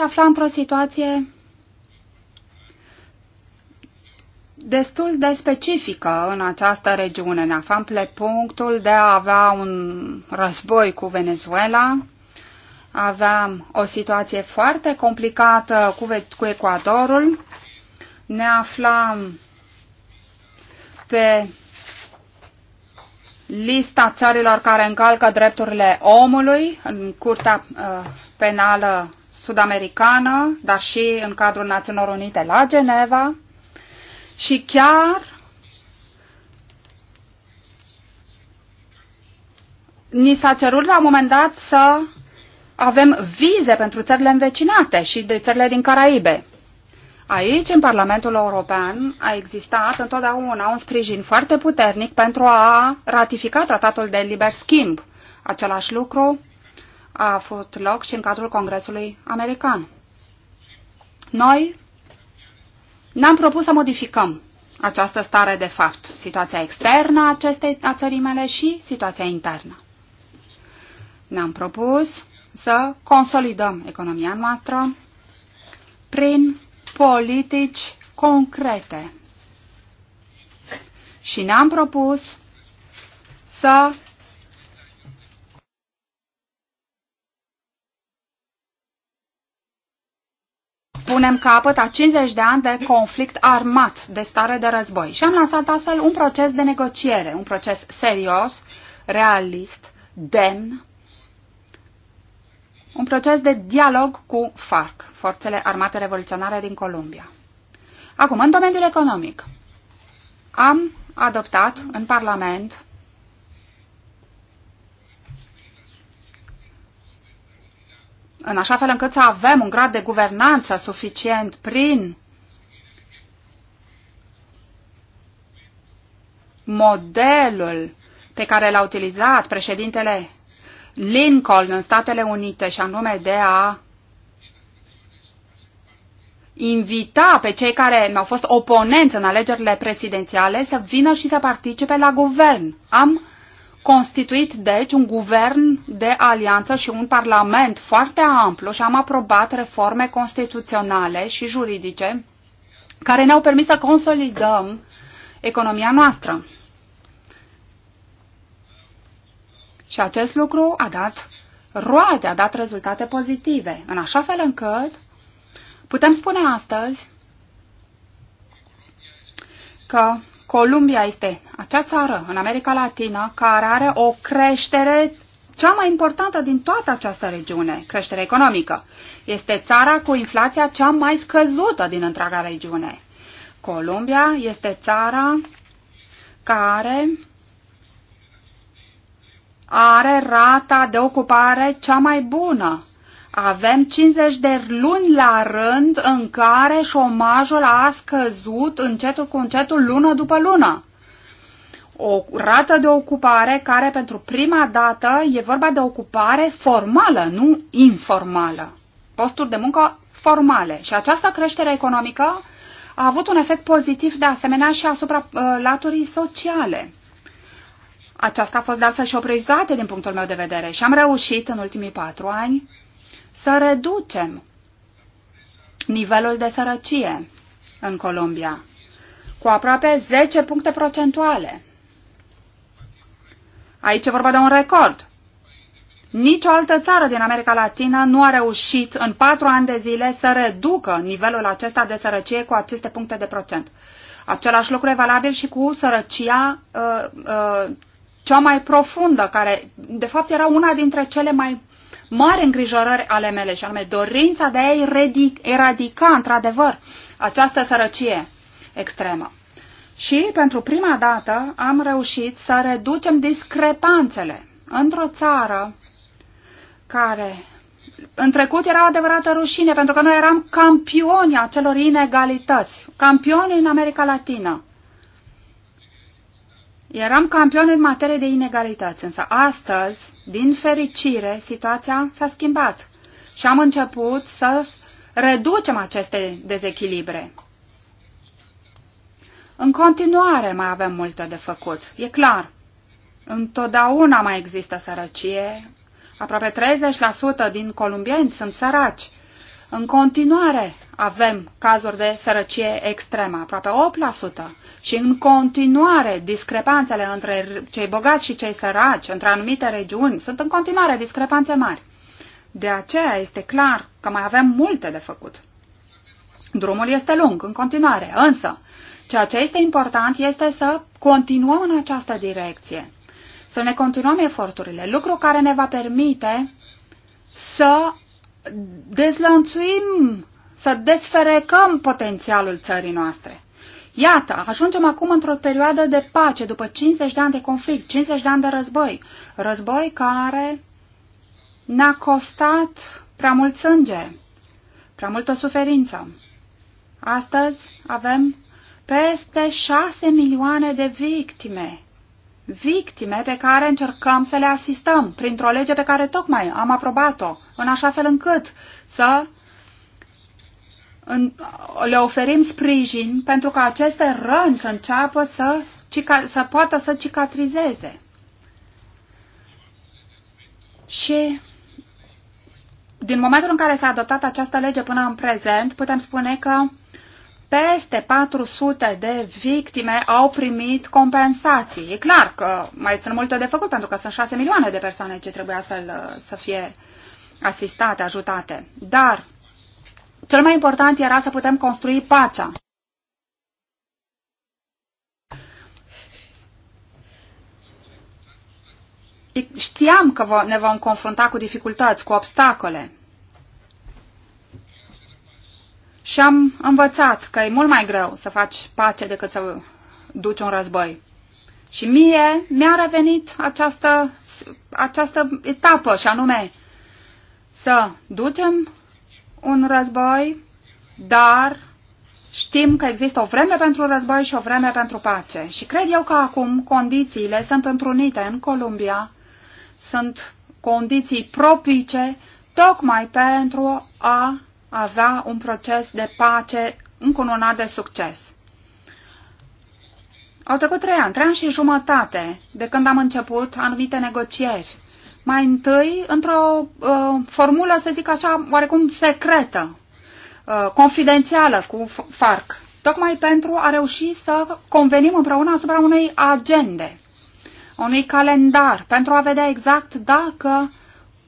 te afla într-o situație destul de specifică în această regiune. Ne aflam pe punctul de a avea un război cu Venezuela, aveam o situație foarte complicată cu, cu Ecuadorul, ne aflam pe lista țărilor care încalcă drepturile omului în Curtea uh, Penală sud-americană, dar și în cadrul Națiunilor Unite la Geneva și chiar ni s-a cerut la un moment dat să avem vize pentru țările învecinate și de țările din Caraibe. Aici, în Parlamentul European, a existat întotdeauna un sprijin foarte puternic pentru a ratifica tratatul de liber schimb. Același lucru a avut loc și în cadrul Congresului American. Noi ne-am propus să modificăm această stare de fapt, situația externă a acestei a țării mele și situația internă. Ne-am propus să consolidăm economia noastră prin politici concrete. Și ne-am propus să punem capăt a 50 de ani de conflict armat, de stare de război. Și am lansat astfel un proces de negociere, un proces serios, realist, demn, un proces de dialog cu FARC, Forțele Armate Revoluționare din Columbia. Acum, în domeniul economic, am adoptat în Parlament în așa fel încât să avem un grad de guvernanță suficient prin modelul pe care l-a utilizat președintele Lincoln în Statele Unite și anume de a invita pe cei care mi-au fost oponenți în alegerile prezidențiale să vină și să participe la guvern. Am constituit, deci, un guvern de alianță și un parlament foarte amplu și am aprobat reforme constituționale și juridice care ne-au permis să consolidăm economia noastră. Și acest lucru a dat roade, a dat rezultate pozitive, în așa fel încât putem spune astăzi că Columbia este acea țară în America Latină care are o creștere cea mai importantă din toată această regiune, creștere economică. Este țara cu inflația cea mai scăzută din întreaga regiune. Columbia este țara care are rata de ocupare cea mai bună avem 50 de luni la rând în care șomajul a scăzut încetul cu încetul lună după lună. O rată de ocupare care pentru prima dată e vorba de ocupare formală, nu informală. Posturi de muncă formale. Și această creștere economică a avut un efect pozitiv de asemenea și asupra uh, laturii sociale. Aceasta a fost de altfel și o prioritate din punctul meu de vedere și am reușit în ultimii patru ani să reducem nivelul de sărăcie în Colombia cu aproape 10 puncte procentuale. Aici e vorba de un record. Nicio altă țară din America Latină nu a reușit în patru ani de zile să reducă nivelul acesta de sărăcie cu aceste puncte de procent. Același lucru e valabil și cu sărăcia uh, uh, cea mai profundă, care de fapt era una dintre cele mai mare îngrijorări ale mele și anume dorința de a eradica într-adevăr această sărăcie extremă. Și pentru prima dată am reușit să reducem discrepanțele într-o țară care în trecut era o adevărată rușine, pentru că noi eram campioni acelor celor inegalități, campioni în America Latină. Eram campion în materie de inegalități, însă astăzi, din fericire, situația s-a schimbat și am început să reducem aceste dezechilibre. În continuare mai avem multe de făcut, e clar. Întotdeauna mai există sărăcie. Aproape 30% din columbieni sunt săraci în continuare avem cazuri de sărăcie extremă, aproape 8%, și în continuare discrepanțele între cei bogați și cei săraci, între anumite regiuni, sunt în continuare discrepanțe mari. De aceea este clar că mai avem multe de făcut. Drumul este lung în continuare, însă ceea ce este important este să continuăm în această direcție, să ne continuăm eforturile, lucru care ne va permite să dezlănțuim, să desferecăm potențialul țării noastre. Iată, ajungem acum într-o perioadă de pace, după 50 de ani de conflict, 50 de ani de război. Război care ne-a costat prea mult sânge, prea multă suferință. Astăzi avem peste 6 milioane de victime victime pe care încercăm să le asistăm printr-o lege pe care tocmai am aprobat-o, în așa fel încât să în, le oferim sprijin pentru ca aceste răni să înceapă să, cica, să poată să cicatrizeze. Și din momentul în care s-a adoptat această lege până în prezent, putem spune că peste 400 de victime au primit compensații. E clar că mai sunt multe de făcut, pentru că sunt 6 milioane de persoane ce trebuie astfel uh, să fie asistate, ajutate. Dar cel mai important era să putem construi pacea. Știam că ne vom confrunta cu dificultăți, cu obstacole. Și am învățat că e mult mai greu să faci pace decât să duci un război. Și mie mi-a revenit această, această etapă, și anume să ducem un război, dar știm că există o vreme pentru război și o vreme pentru pace. Și cred eu că acum condițiile sunt întrunite în Columbia, sunt condiții propice tocmai pentru a avea un proces de pace încununat de succes. Au trecut trei ani, trei ani și jumătate de când am început anumite negocieri. Mai întâi, într-o uh, formulă, să zic așa, oarecum secretă, uh, confidențială cu FARC, tocmai pentru a reuși să convenim împreună asupra unei agende, unui calendar, pentru a vedea exact dacă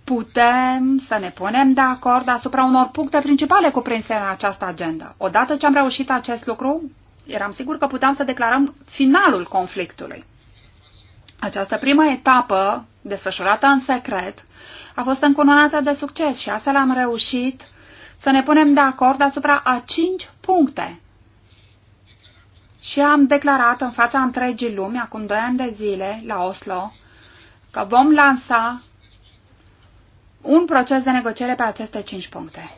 putem să ne punem de acord asupra unor puncte principale cuprinse în această agendă. Odată ce am reușit acest lucru, eram sigur că puteam să declarăm finalul conflictului. Această primă etapă, desfășurată în secret, a fost încununată de succes și astfel am reușit să ne punem de acord asupra a cinci puncte. Și am declarat în fața întregii lumi, acum doi ani de zile, la Oslo, că vom lansa un proces de negociere pe aceste cinci puncte.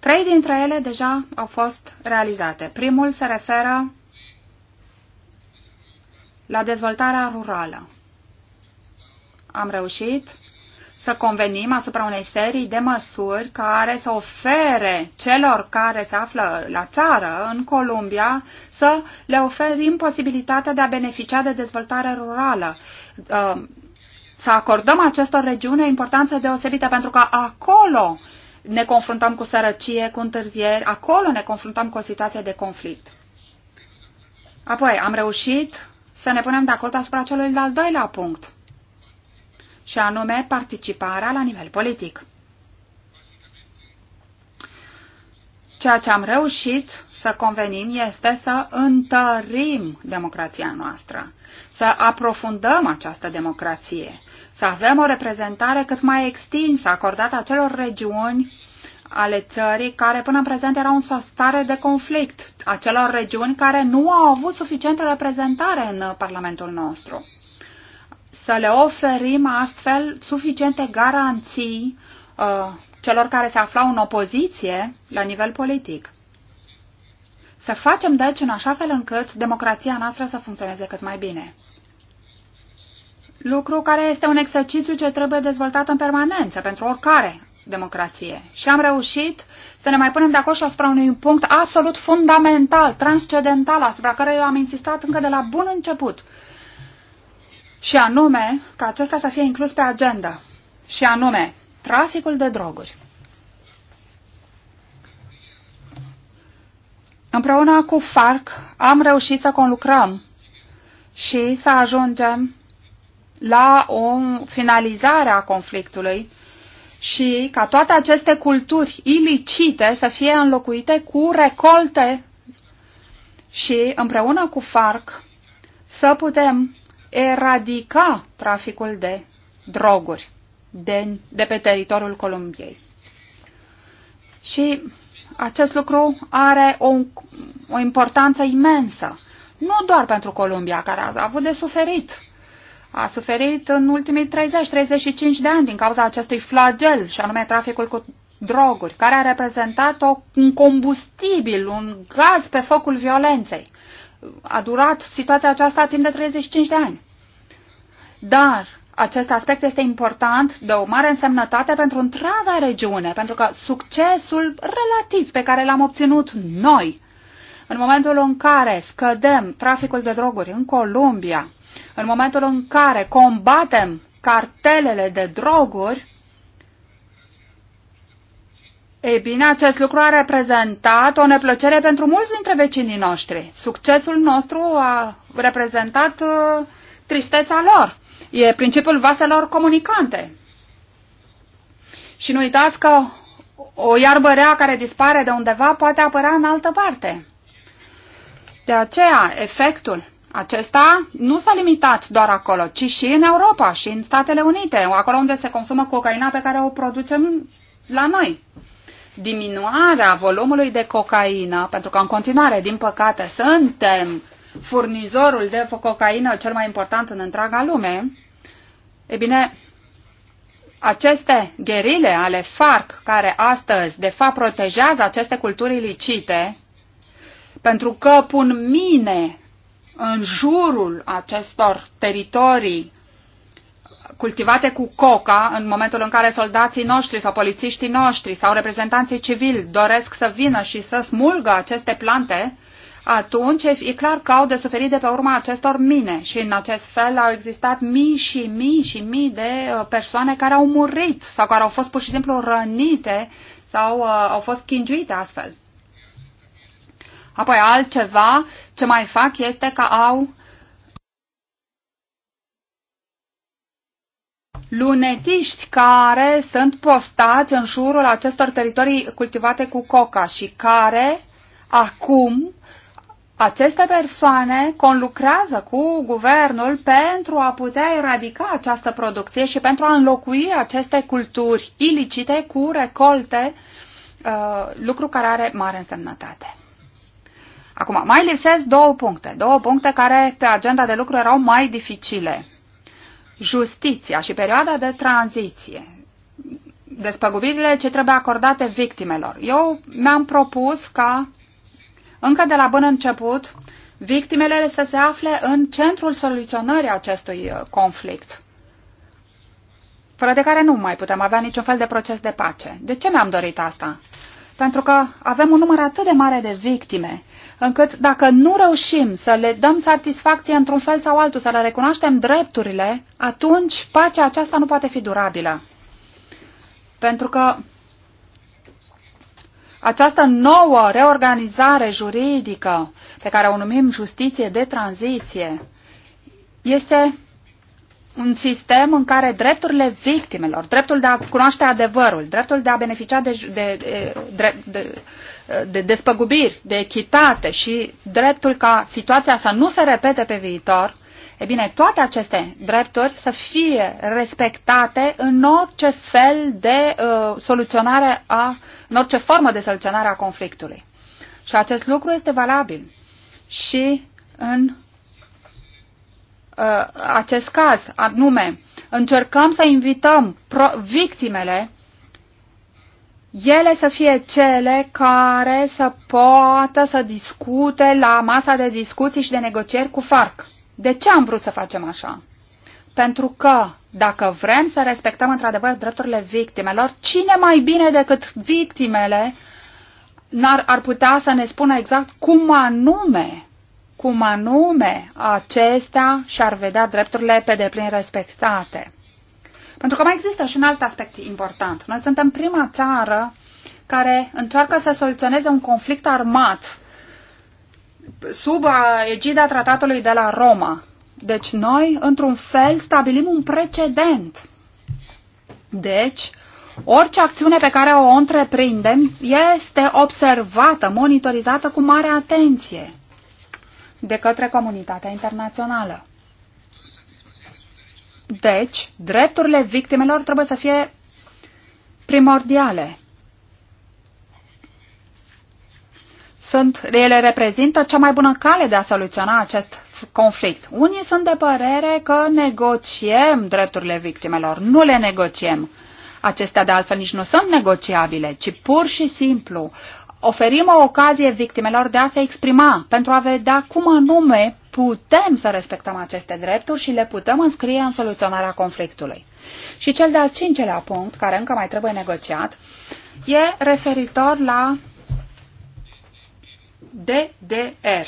Trei dintre ele deja au fost realizate. Primul se referă la dezvoltarea rurală. Am reușit să convenim asupra unei serii de măsuri care să ofere celor care se află la țară, în Columbia, să le oferim posibilitatea de a beneficia de dezvoltare rurală uh, să acordăm acestor regiuni o importanță deosebită, pentru că acolo ne confruntăm cu sărăcie, cu întârzieri, acolo ne confruntăm cu o situație de conflict. Apoi, am reușit să ne punem de acord asupra celui de-al doilea punct, și anume participarea la nivel politic. Ceea ce am reușit să convenim este să întărim democrația noastră, să aprofundăm această democrație, să avem o reprezentare cât mai extinsă acordată acelor regiuni ale țării care până în prezent erau în stare de conflict, acelor regiuni care nu au avut suficientă reprezentare în Parlamentul nostru. Să le oferim astfel suficiente garanții uh, celor care se aflau în opoziție la nivel politic. Să facem deci în așa fel încât democrația noastră să funcționeze cât mai bine lucru care este un exercițiu ce trebuie dezvoltat în permanență pentru oricare democrație. Și am reușit să ne mai punem de acolo și asupra unui punct absolut fundamental, transcendental, asupra care eu am insistat încă de la bun început. Și anume, ca acesta să fie inclus pe agenda. Și anume, traficul de droguri. Împreună cu FARC am reușit să conlucrăm și să ajungem la o finalizare a conflictului și ca toate aceste culturi ilicite să fie înlocuite cu recolte și împreună cu FARC să putem eradica traficul de droguri de, de pe teritoriul Columbiei. Și acest lucru are o, o importanță imensă, nu doar pentru Columbia, care a avut de suferit a suferit în ultimii 30-35 de ani din cauza acestui flagel, și anume traficul cu droguri, care a reprezentat o, un combustibil, un gaz pe focul violenței. A durat situația aceasta timp de 35 de ani. Dar acest aspect este important, de o mare însemnătate pentru întreaga regiune, pentru că succesul relativ pe care l-am obținut noi, în momentul în care scădem traficul de droguri în Columbia, în momentul în care combatem cartelele de droguri, ei bine, acest lucru a reprezentat o neplăcere pentru mulți dintre vecinii noștri. Succesul nostru a reprezentat uh, tristețea lor. E principiul vaselor comunicante. Și nu uitați că o iarbă rea care dispare de undeva poate apărea în altă parte. De aceea, efectul acesta nu s-a limitat doar acolo, ci și în Europa și în Statele Unite, acolo unde se consumă cocaina pe care o producem la noi. Diminuarea volumului de cocaină, pentru că în continuare, din păcate, suntem furnizorul de cocaină cel mai important în întreaga lume, e bine, aceste gherile ale FARC, care astăzi, de fapt, protejează aceste culturi ilicite, pentru că pun mine în jurul acestor teritorii cultivate cu coca, în momentul în care soldații noștri sau polițiștii noștri sau reprezentanții civili doresc să vină și să smulgă aceste plante, atunci e clar că au de suferit de pe urma acestor mine și în acest fel au existat mii și mii și mii de uh, persoane care au murit sau care au fost pur și simplu rănite sau uh, au fost chingiuite astfel. Apoi altceva ce mai fac este că au lunetiști care sunt postați în jurul acestor teritorii cultivate cu coca și care acum aceste persoane conlucrează cu guvernul pentru a putea eradica această producție și pentru a înlocui aceste culturi ilicite cu recolte, uh, lucru care are mare însemnătate. Acum, mai lisez două puncte, două puncte care pe agenda de lucru erau mai dificile. Justiția și perioada de tranziție, despăgubirile ce trebuie acordate victimelor. Eu mi-am propus ca, încă de la bun început, victimele să se afle în centrul soluționării acestui uh, conflict, fără de care nu mai putem avea niciun fel de proces de pace. De ce mi-am dorit asta? Pentru că avem un număr atât de mare de victime încât dacă nu reușim să le dăm satisfacție într-un fel sau altul, să le recunoaștem drepturile, atunci pacea aceasta nu poate fi durabilă. Pentru că această nouă reorganizare juridică pe care o numim justiție de tranziție este un sistem în care drepturile victimelor, dreptul de a cunoaște adevărul, dreptul de a beneficia de, de, de, de, de despăgubiri, de echitate și dreptul ca situația să nu se repete pe viitor, e bine, toate aceste drepturi să fie respectate în orice fel de uh, soluționare a, în orice formă de soluționare a conflictului. Și acest lucru este valabil și în uh, acest caz, anume, încercăm să invităm pro- victimele ele să fie cele care să poată să discute la masa de discuții și de negocieri cu FARC. De ce am vrut să facem așa? Pentru că dacă vrem să respectăm într-adevăr drepturile victimelor, cine mai bine decât victimele ar ar putea să ne spună exact cum anume, cum anume acestea și-ar vedea drepturile pe deplin respectate. Pentru că mai există și un alt aspect important. Noi suntem prima țară care încearcă să soluționeze un conflict armat sub egida tratatului de la Roma. Deci noi, într-un fel, stabilim un precedent. Deci, orice acțiune pe care o întreprindem este observată, monitorizată cu mare atenție de către comunitatea internațională. Deci, drepturile victimelor trebuie să fie primordiale. Sunt, ele reprezintă cea mai bună cale de a soluționa acest conflict. Unii sunt de părere că negociem drepturile victimelor, nu le negociem. Acestea de altfel nici nu sunt negociabile, ci pur și simplu oferim o ocazie victimelor de a se exprima pentru a vedea cum anume putem să respectăm aceste drepturi și le putem înscrie în soluționarea conflictului. Și cel de-al cincelea punct, care încă mai trebuie negociat, e referitor la DDR.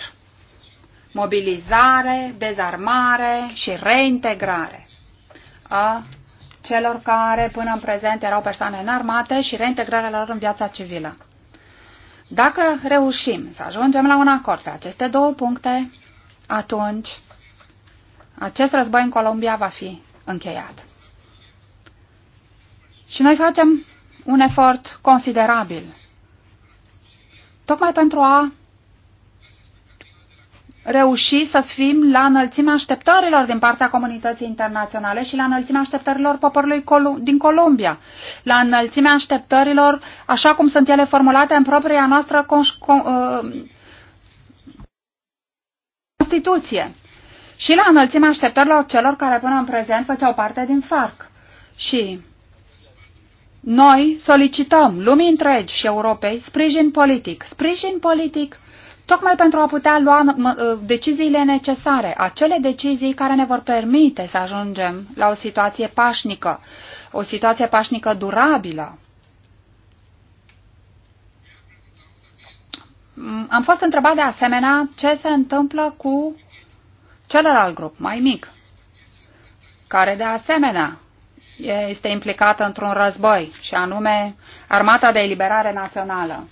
Mobilizare, dezarmare și reintegrare a celor care până în prezent erau persoane înarmate și reintegrarea lor în viața civilă. Dacă reușim să ajungem la un acord pe aceste două puncte, atunci acest război în Columbia va fi încheiat. Și noi facem un efort considerabil tocmai pentru a reuși să fim la înălțimea așteptărilor din partea comunității internaționale și la înălțimea așteptărilor poporului din Columbia, la înălțimea așteptărilor așa cum sunt ele formulate în propria noastră uh, Constituție și la înălțimea așteptărilor celor care până în prezent făceau parte din FARC. Și noi solicităm lumii întregi și Europei sprijin politic, sprijin politic tocmai pentru a putea lua deciziile necesare, acele decizii care ne vor permite să ajungem la o situație pașnică, o situație pașnică durabilă. Am fost întrebat de asemenea ce se întâmplă cu celălalt grup, mai mic, care de asemenea este implicată într-un război, și anume Armata de Eliberare Națională,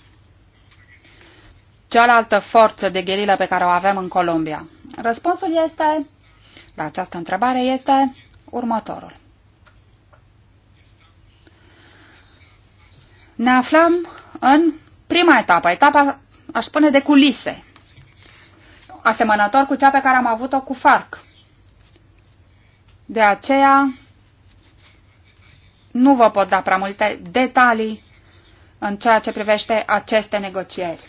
cealaltă forță de gherilă pe care o avem în Columbia. Răspunsul este, la această întrebare este următorul. Ne aflăm în prima etapă, etapa aș spune, de culise, asemănător cu cea pe care am avut-o cu FARC. De aceea, nu vă pot da prea multe detalii în ceea ce privește aceste negocieri.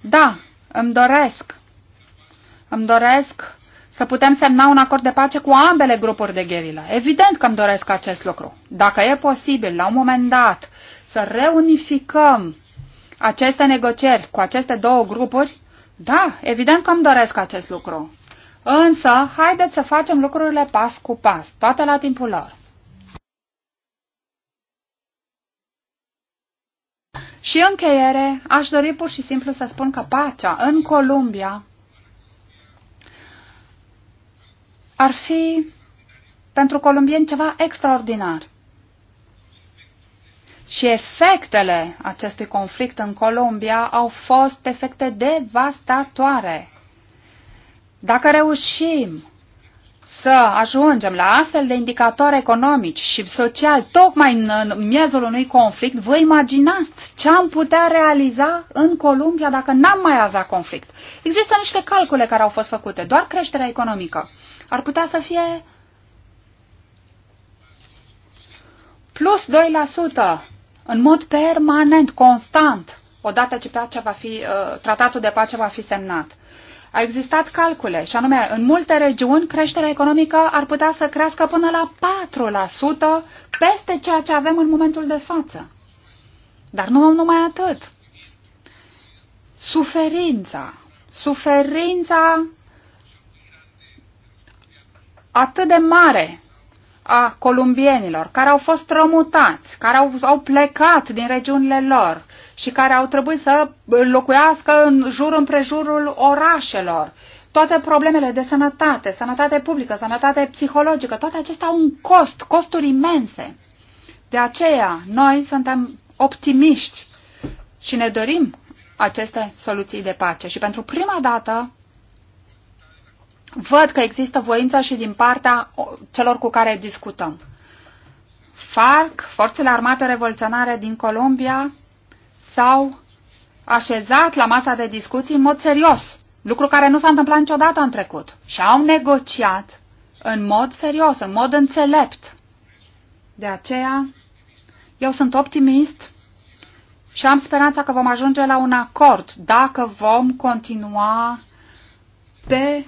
Da, îmi doresc. Îmi doresc să putem semna un acord de pace cu ambele grupuri de gherilă. Evident că îmi doresc acest lucru. Dacă e posibil, la un moment dat, să reunificăm aceste negocieri cu aceste două grupuri? Da, evident că îmi doresc acest lucru. Însă, haideți să facem lucrurile pas cu pas, toate la timpul lor. Și încheiere, aș dori pur și simplu să spun că pacea în Columbia ar fi pentru columbieni ceva extraordinar. Și efectele acestui conflict în Colombia au fost efecte devastatoare. Dacă reușim să ajungem la astfel de indicatori economici și sociali tocmai în miezul unui conflict, vă imaginați ce am putea realiza în Columbia dacă n-am mai avea conflict. Există niște calcule care au fost făcute, doar creșterea economică. Ar putea să fie plus în mod permanent, constant, odată ce pacea va fi, uh, tratatul de pace va fi semnat. a existat calcule și anume, în multe regiuni, creșterea economică ar putea să crească până la 4% peste ceea ce avem în momentul de față. Dar nu numai atât. Suferința. Suferința atât de mare a columbienilor care au fost rămutați, care au, au plecat din regiunile lor și care au trebuit să locuiască în jur împrejurul orașelor. Toate problemele de sănătate, sănătate publică, sănătate psihologică, toate acestea au un cost, costuri imense. De aceea, noi suntem optimiști și ne dorim aceste soluții de pace. Și pentru prima dată, văd că există voință și din partea celor cu care discutăm. FARC, Forțele Armate Revoluționare din Colombia, s-au așezat la masa de discuții în mod serios, lucru care nu s-a întâmplat niciodată în trecut, și au negociat în mod serios, în mod înțelept. De aceea, eu sunt optimist și am speranța că vom ajunge la un acord dacă vom continua pe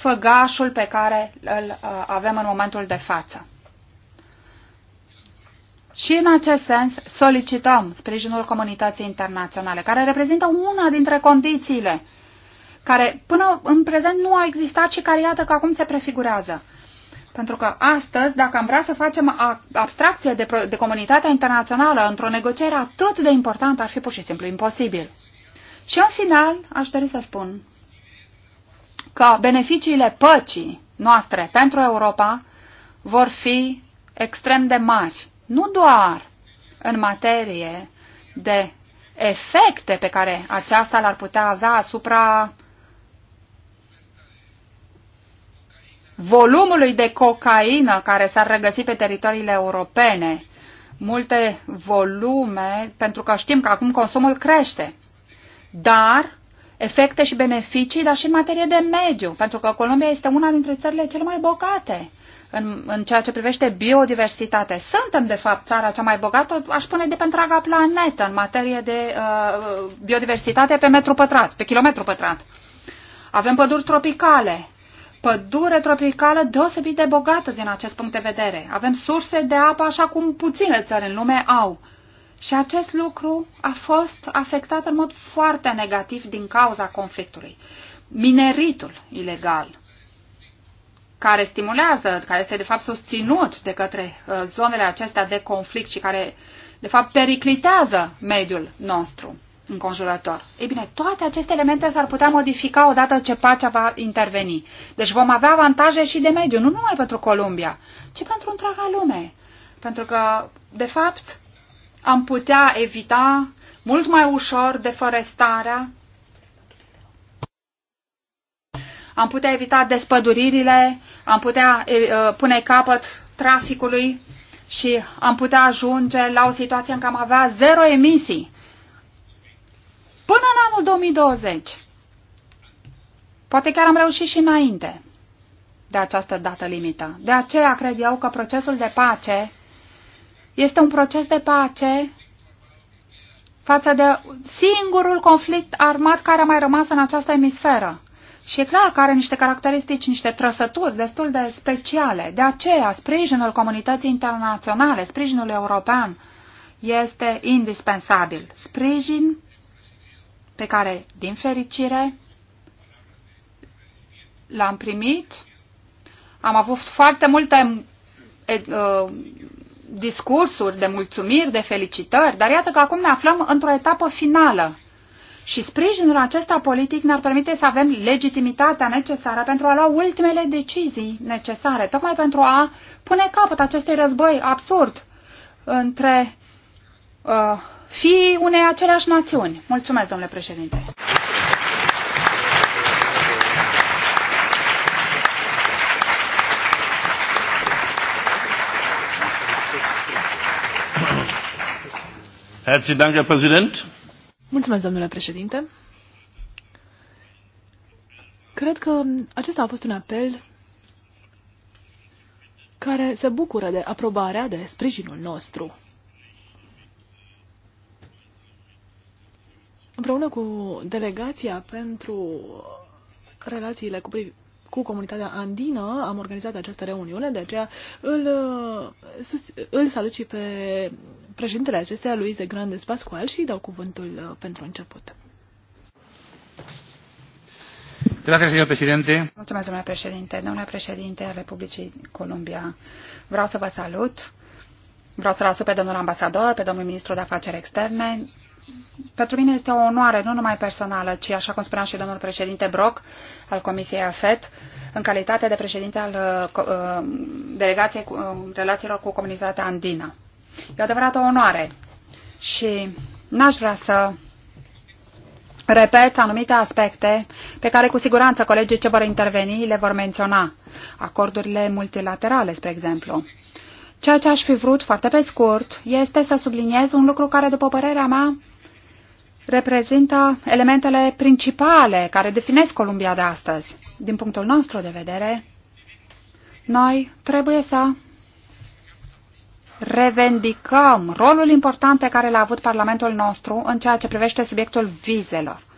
făgașul pe care îl uh, avem în momentul de față. Și în acest sens solicităm sprijinul comunității internaționale, care reprezintă una dintre condițiile care până în prezent nu a existat și care iată că acum se prefigurează. Pentru că astăzi, dacă am vrea să facem abstracție de, de comunitatea internațională într-o negociere atât de importantă, ar fi pur și simplu imposibil. Și în final, aș dori să spun că beneficiile păcii noastre pentru Europa vor fi extrem de mari, nu doar în materie de efecte pe care aceasta l-ar putea avea asupra volumului de cocaină care s-ar regăsi pe teritoriile europene, multe volume, pentru că știm că acum consumul crește, dar efecte și beneficii, dar și în materie de mediu, pentru că Colombia este una dintre țările cele mai bogate în, în ceea ce privește biodiversitate. Suntem, de fapt, țara cea mai bogată, aș spune, de pe întreaga planetă în materie de uh, biodiversitate pe metru pătrat, pe kilometru pătrat. Avem păduri tropicale, pădure tropicală deosebit de bogată din acest punct de vedere. Avem surse de apă așa cum puține țări în lume au. Și acest lucru a fost afectat în mod foarte negativ din cauza conflictului. Mineritul ilegal, care stimulează, care este de fapt susținut de către uh, zonele acestea de conflict și care de fapt periclitează mediul nostru înconjurător. Ei bine, toate aceste elemente s-ar putea modifica odată ce pacea va interveni. Deci vom avea avantaje și de mediu, nu numai pentru Columbia, ci pentru întreaga lume. Pentru că, de fapt, am putea evita mult mai ușor deforestarea, am putea evita despăduririle, am putea uh, pune capăt traficului și am putea ajunge la o situație în care am avea zero emisii până în anul 2020. Poate chiar am reușit și înainte de această dată limită. De aceea cred eu că procesul de pace este un proces de pace față de singurul conflict armat care a mai rămas în această emisferă. Și e clar că are niște caracteristici, niște trăsături destul de speciale. De aceea, sprijinul comunității internaționale, sprijinul european, este indispensabil. Sprijin pe care, din fericire, l-am primit. Am avut foarte multe eh, discursuri de mulțumiri, de felicitări, dar iată că acum ne aflăm într-o etapă finală. Și sprijinul acesta politic ne-ar permite să avem legitimitatea necesară pentru a lua ultimele decizii necesare, tocmai pentru a pune capăt acestui război absurd între uh, fiii unei aceleași națiuni. Mulțumesc, domnule președinte. Herzlichen Dank, Herr Präsident. Mulțumesc, domnule președinte. Cred că acesta a fost un apel care se bucură de aprobarea, de sprijinul nostru. Împreună cu delegația pentru relațiile cu cu comunitatea andină am organizat această reuniune, de aceea îl, uh, sus, îl salut și pe președintele acesteia, Luis de Grande Pascual, și îi dau cuvântul uh, pentru început. Mulțumesc, domnule președinte. Domnule președinte al Republicii Columbia, vreau să vă salut. Vreau să-l pe domnul ambasador, pe domnul ministru de afaceri externe pentru mine este o onoare, nu numai personală, ci, așa cum spunea și domnul președinte Brock al Comisiei AFET, în calitate de președinte al uh, uh, delegației cu, uh, relațiilor cu comunitatea andină. E o adevărată onoare și n-aș vrea să repet anumite aspecte pe care cu siguranță colegii ce vor interveni le vor menționa. Acordurile multilaterale, spre exemplu. Ceea ce aș fi vrut foarte pe scurt este să subliniez un lucru care, după părerea mea, reprezintă elementele principale care definesc Columbia de astăzi. Din punctul nostru de vedere, noi trebuie să revendicăm rolul important pe care l-a avut Parlamentul nostru în ceea ce privește subiectul vizelor.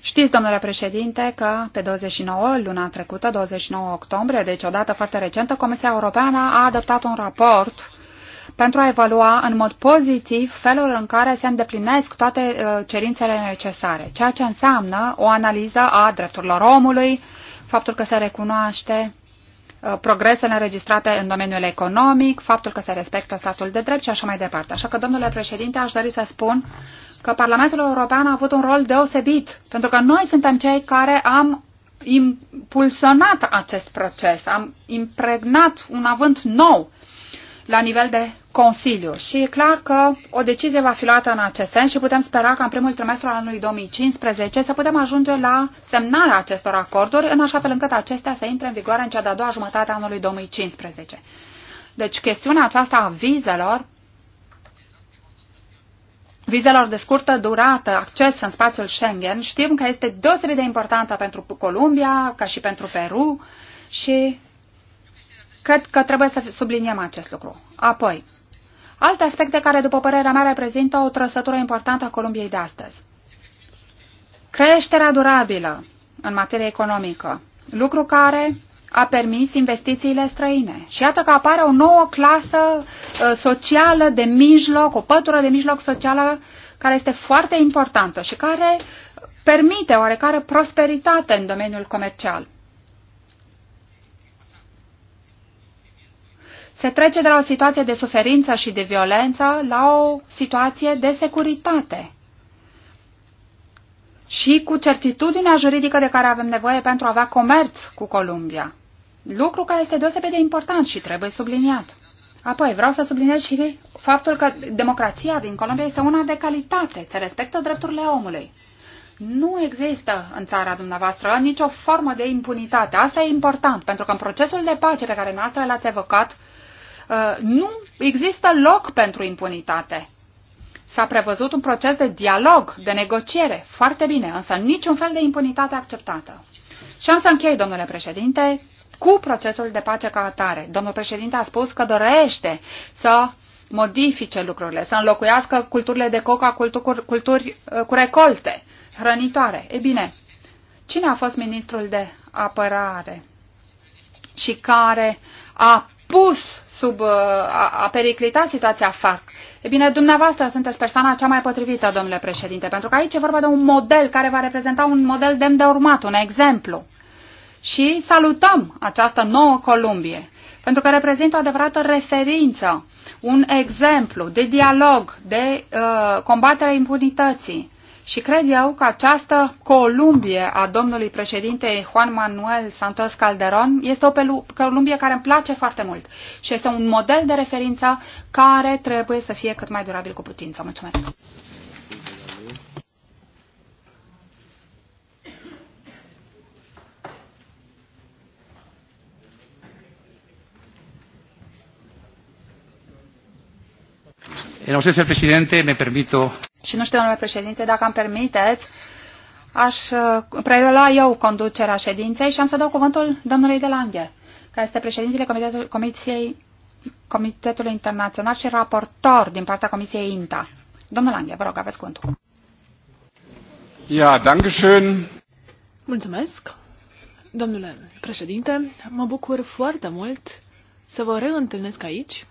Știți, domnule președinte, că pe 29 luna trecută, 29 octombrie, deci o dată foarte recentă, Comisia Europeană a adoptat un raport pentru a evalua în mod pozitiv felul în care se îndeplinesc toate uh, cerințele necesare, ceea ce înseamnă o analiză a drepturilor omului, faptul că se recunoaște uh, progresele înregistrate în domeniul economic, faptul că se respectă statul de drept și așa mai departe. Așa că, domnule președinte, aș dori să spun că Parlamentul European a avut un rol deosebit, pentru că noi suntem cei care am impulsionat acest proces, am impregnat un avânt nou la nivel de Consiliu și e clar că o decizie va fi luată în acest sens și putem spera că în primul trimestru al anului 2015 să putem ajunge la semnarea acestor acorduri în așa fel încât acestea să intre în vigoare în cea de-a doua jumătate a anului 2015. Deci chestiunea aceasta a vizelor, vizelor de scurtă durată, acces în spațiul Schengen, știm că este deosebit de importantă pentru Columbia, ca și pentru Peru și cred că trebuie să subliniem acest lucru. Apoi, Alte aspecte care, după părerea mea, reprezintă o trăsătură importantă a Columbiei de astăzi. Creșterea durabilă în materie economică, lucru care a permis investițiile străine. Și iată că apare o nouă clasă uh, socială de mijloc, o pătură de mijloc socială care este foarte importantă și care permite oarecare prosperitate în domeniul comercial. Se trece de la o situație de suferință și de violență la o situație de securitate. Și cu certitudinea juridică de care avem nevoie pentru a avea comerț cu Columbia. Lucru care este deosebit de important și trebuie subliniat. Apoi, vreau să subliniez și faptul că democrația din Columbia este una de calitate, se respectă drepturile omului. Nu există în țara dumneavoastră nicio formă de impunitate. Asta e important, pentru că în procesul de pace pe care noastră l-ați evocat, Uh, nu există loc pentru impunitate. S-a prevăzut un proces de dialog, de negociere, foarte bine, însă niciun fel de impunitate acceptată. Și am să închei, domnule președinte, cu procesul de pace ca atare. Domnul președinte a spus că dorește să modifice lucrurile, să înlocuiască culturile de coca culturi, culturi uh, cu recolte, hrănitoare. E bine, cine a fost ministrul de apărare și care a pus sub, uh, a, a periclita situația FARC. E bine, dumneavoastră sunteți persoana cea mai potrivită, domnule președinte, pentru că aici e vorba de un model care va reprezenta un model demn de urmat, un exemplu. Și salutăm această nouă Columbie, pentru că reprezintă o adevărată referință, un exemplu de dialog, de uh, combaterea impunității. Și cred eu că această Columbie a domnului președinte Juan Manuel Santos Calderon este o Columbie care îmi place foarte mult și este un model de referință care trebuie să fie cât mai durabil cu putință. Mulțumesc! En ausencia del presidente, me permito și nu știu, domnule președinte, dacă îmi permiteți, aș uh, prelua eu conducerea ședinței și am să dau cuvântul domnului de Lange, care este președintele comitetului, Comisiei, Comitetului Internațional și raportor din partea Comisiei INTA. Domnul Lange, vă rog, aveți cuvântul. Ja, danke schön. Mulțumesc, domnule președinte. Mă bucur foarte mult să vă reîntâlnesc aici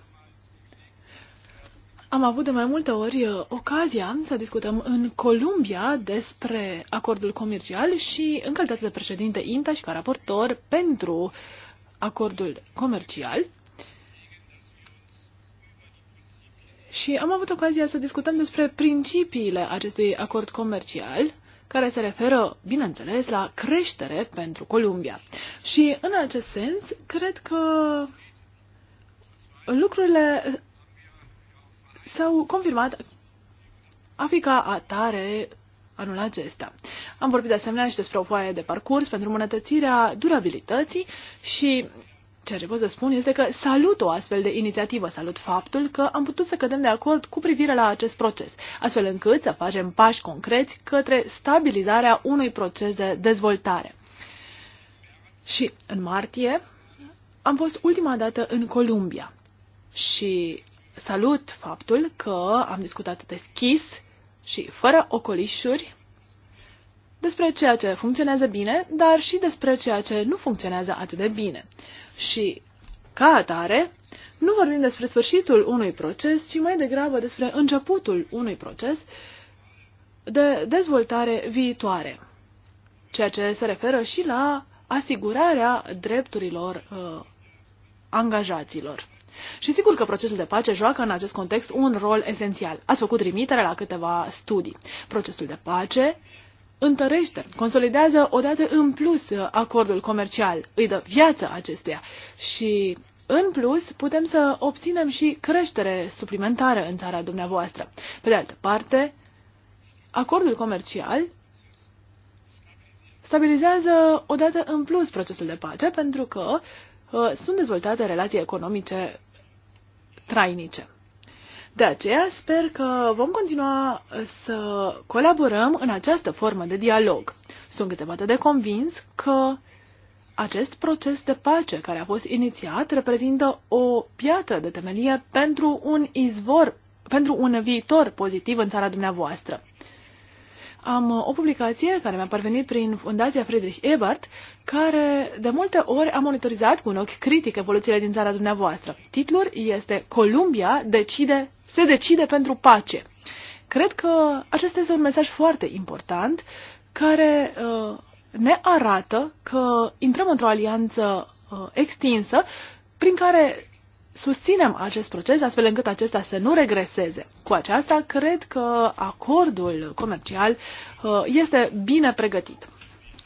am avut de mai multe ori uh, ocazia să discutăm în Columbia despre acordul comercial și în calitate de președinte INTA și ca raportor pentru acordul comercial. Și am avut ocazia să discutăm despre principiile acestui acord comercial, care se referă, bineînțeles, la creștere pentru Columbia. Și în acest sens, cred că lucrurile s-au confirmat a fi ca atare anul acesta. Am vorbit de asemenea și despre o foaie de parcurs pentru îmbunătățirea durabilității și ceea ce pot să spun este că salut o astfel de inițiativă, salut faptul că am putut să cădem de acord cu privire la acest proces, astfel încât să facem pași concreți către stabilizarea unui proces de dezvoltare. Și în martie am fost ultima dată în Columbia și salut faptul că am discutat deschis și fără ocolișuri despre ceea ce funcționează bine, dar și despre ceea ce nu funcționează atât de bine. Și, ca atare, nu vorbim despre sfârșitul unui proces, ci mai degrabă despre începutul unui proces de dezvoltare viitoare, ceea ce se referă și la asigurarea drepturilor uh, angajaților. Și sigur că procesul de pace joacă în acest context un rol esențial. Ați făcut trimitere la câteva studii. Procesul de pace întărește, consolidează odată în plus acordul comercial, îi dă viață acestuia și în plus, putem să obținem și creștere suplimentară în țara dumneavoastră. Pe de altă parte, acordul comercial stabilizează odată în plus procesul de pace, pentru că uh, sunt dezvoltate relații economice trainice. De aceea sper că vom continua să colaborăm în această formă de dialog. Sunt câteva de convins că acest proces de pace care a fost inițiat reprezintă o piatră de temelie pentru un izvor, pentru un viitor pozitiv în țara dumneavoastră am uh, o publicație care mi-a parvenit prin Fundația Friedrich Ebert, care de multe ori a monitorizat cu un ochi critic evoluțiile din țara dumneavoastră. Titlul este Columbia decide, se decide pentru pace. Cred că acesta este un mesaj foarte important care uh, ne arată că intrăm într-o alianță uh, extinsă prin care susținem acest proces astfel încât acesta să nu regreseze. Cu aceasta, cred că acordul comercial uh, este bine pregătit.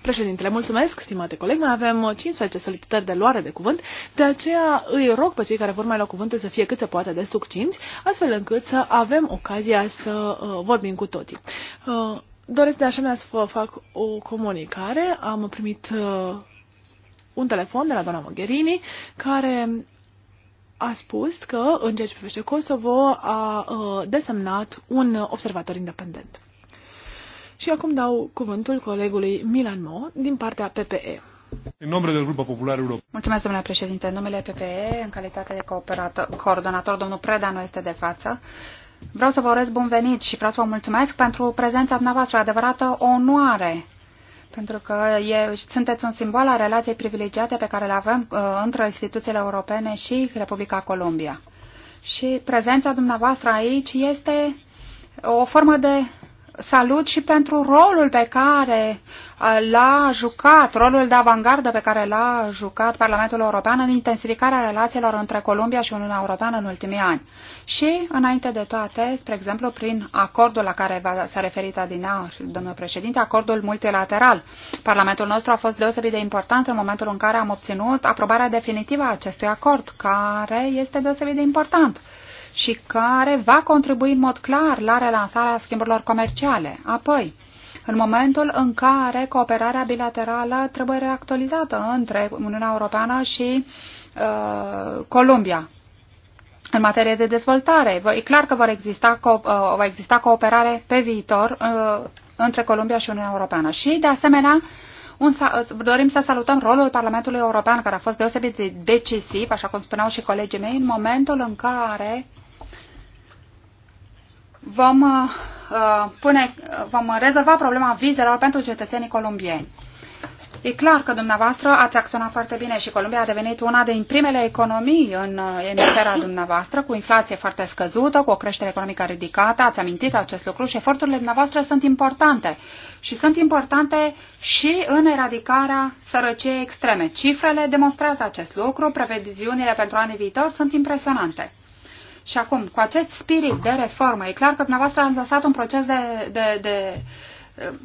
Președintele, mulțumesc, stimate coleg, mai avem 15 solicitări de luare de cuvânt, de aceea îi rog pe cei care vor mai lua cuvântul să fie cât se poate de succinți, astfel încât să avem ocazia să uh, vorbim cu toții. Uh, doresc de asemenea să vă fac o comunicare. Am primit un telefon de la doamna Mogherini, care a spus că, în ceea ce privește Kosovo, a uh, desemnat un observator independent. Și acum dau cuvântul colegului Milan Mo din partea PPE. În numele del Grupo Popular Europa. Mulțumesc, domnule președinte. În numele PPE, în calitate de coordonator, domnul Preda nu este de față. Vreau să vă urez bun venit și vreau să vă mulțumesc pentru prezența dumneavoastră, adevărată onoare pentru că e, sunteți un simbol al relației privilegiate pe care le avem uh, între instituțiile europene și Republica Columbia. Și prezența dumneavoastră aici este o formă de salut și pentru rolul pe care uh, l-a jucat, rolul de avangardă pe care l-a jucat Parlamentul European în intensificarea relațiilor între Columbia și Uniunea Europeană în ultimii ani. Și, înainte de toate, spre exemplu, prin acordul la care s-a referit Adina, domnul președinte, acordul multilateral. Parlamentul nostru a fost deosebit de important în momentul în care am obținut aprobarea definitivă a acestui acord, care este deosebit de important și care va contribui în mod clar la relansarea schimburilor comerciale. Apoi, în momentul în care cooperarea bilaterală trebuie reactualizată între Uniunea Europeană și uh, Columbia. În materie de dezvoltare, e clar că vor exista, uh, va exista cooperare pe viitor uh, între Columbia și Uniunea Europeană. Și, de asemenea, un, dorim să salutăm rolul Parlamentului European, care a fost deosebit de decisiv, așa cum spuneau și colegii mei, în momentul în care uh, vom, uh, uh, pune, vom rezolva problema vizelor pentru cetățenii colombieni. E clar că dumneavoastră ați acționat foarte bine și Columbia a devenit una din primele economii în uh, emisfera dumneavoastră, cu inflație foarte scăzută, cu o creștere economică ridicată, ați amintit acest lucru și eforturile dumneavoastră sunt importante. Și sunt importante și în eradicarea sărăciei extreme. Cifrele demonstrează acest lucru, previziunile pentru anii viitor sunt impresionante. Și acum, cu acest spirit de reformă, e clar că dumneavoastră ați lăsat un proces de, de, de uh,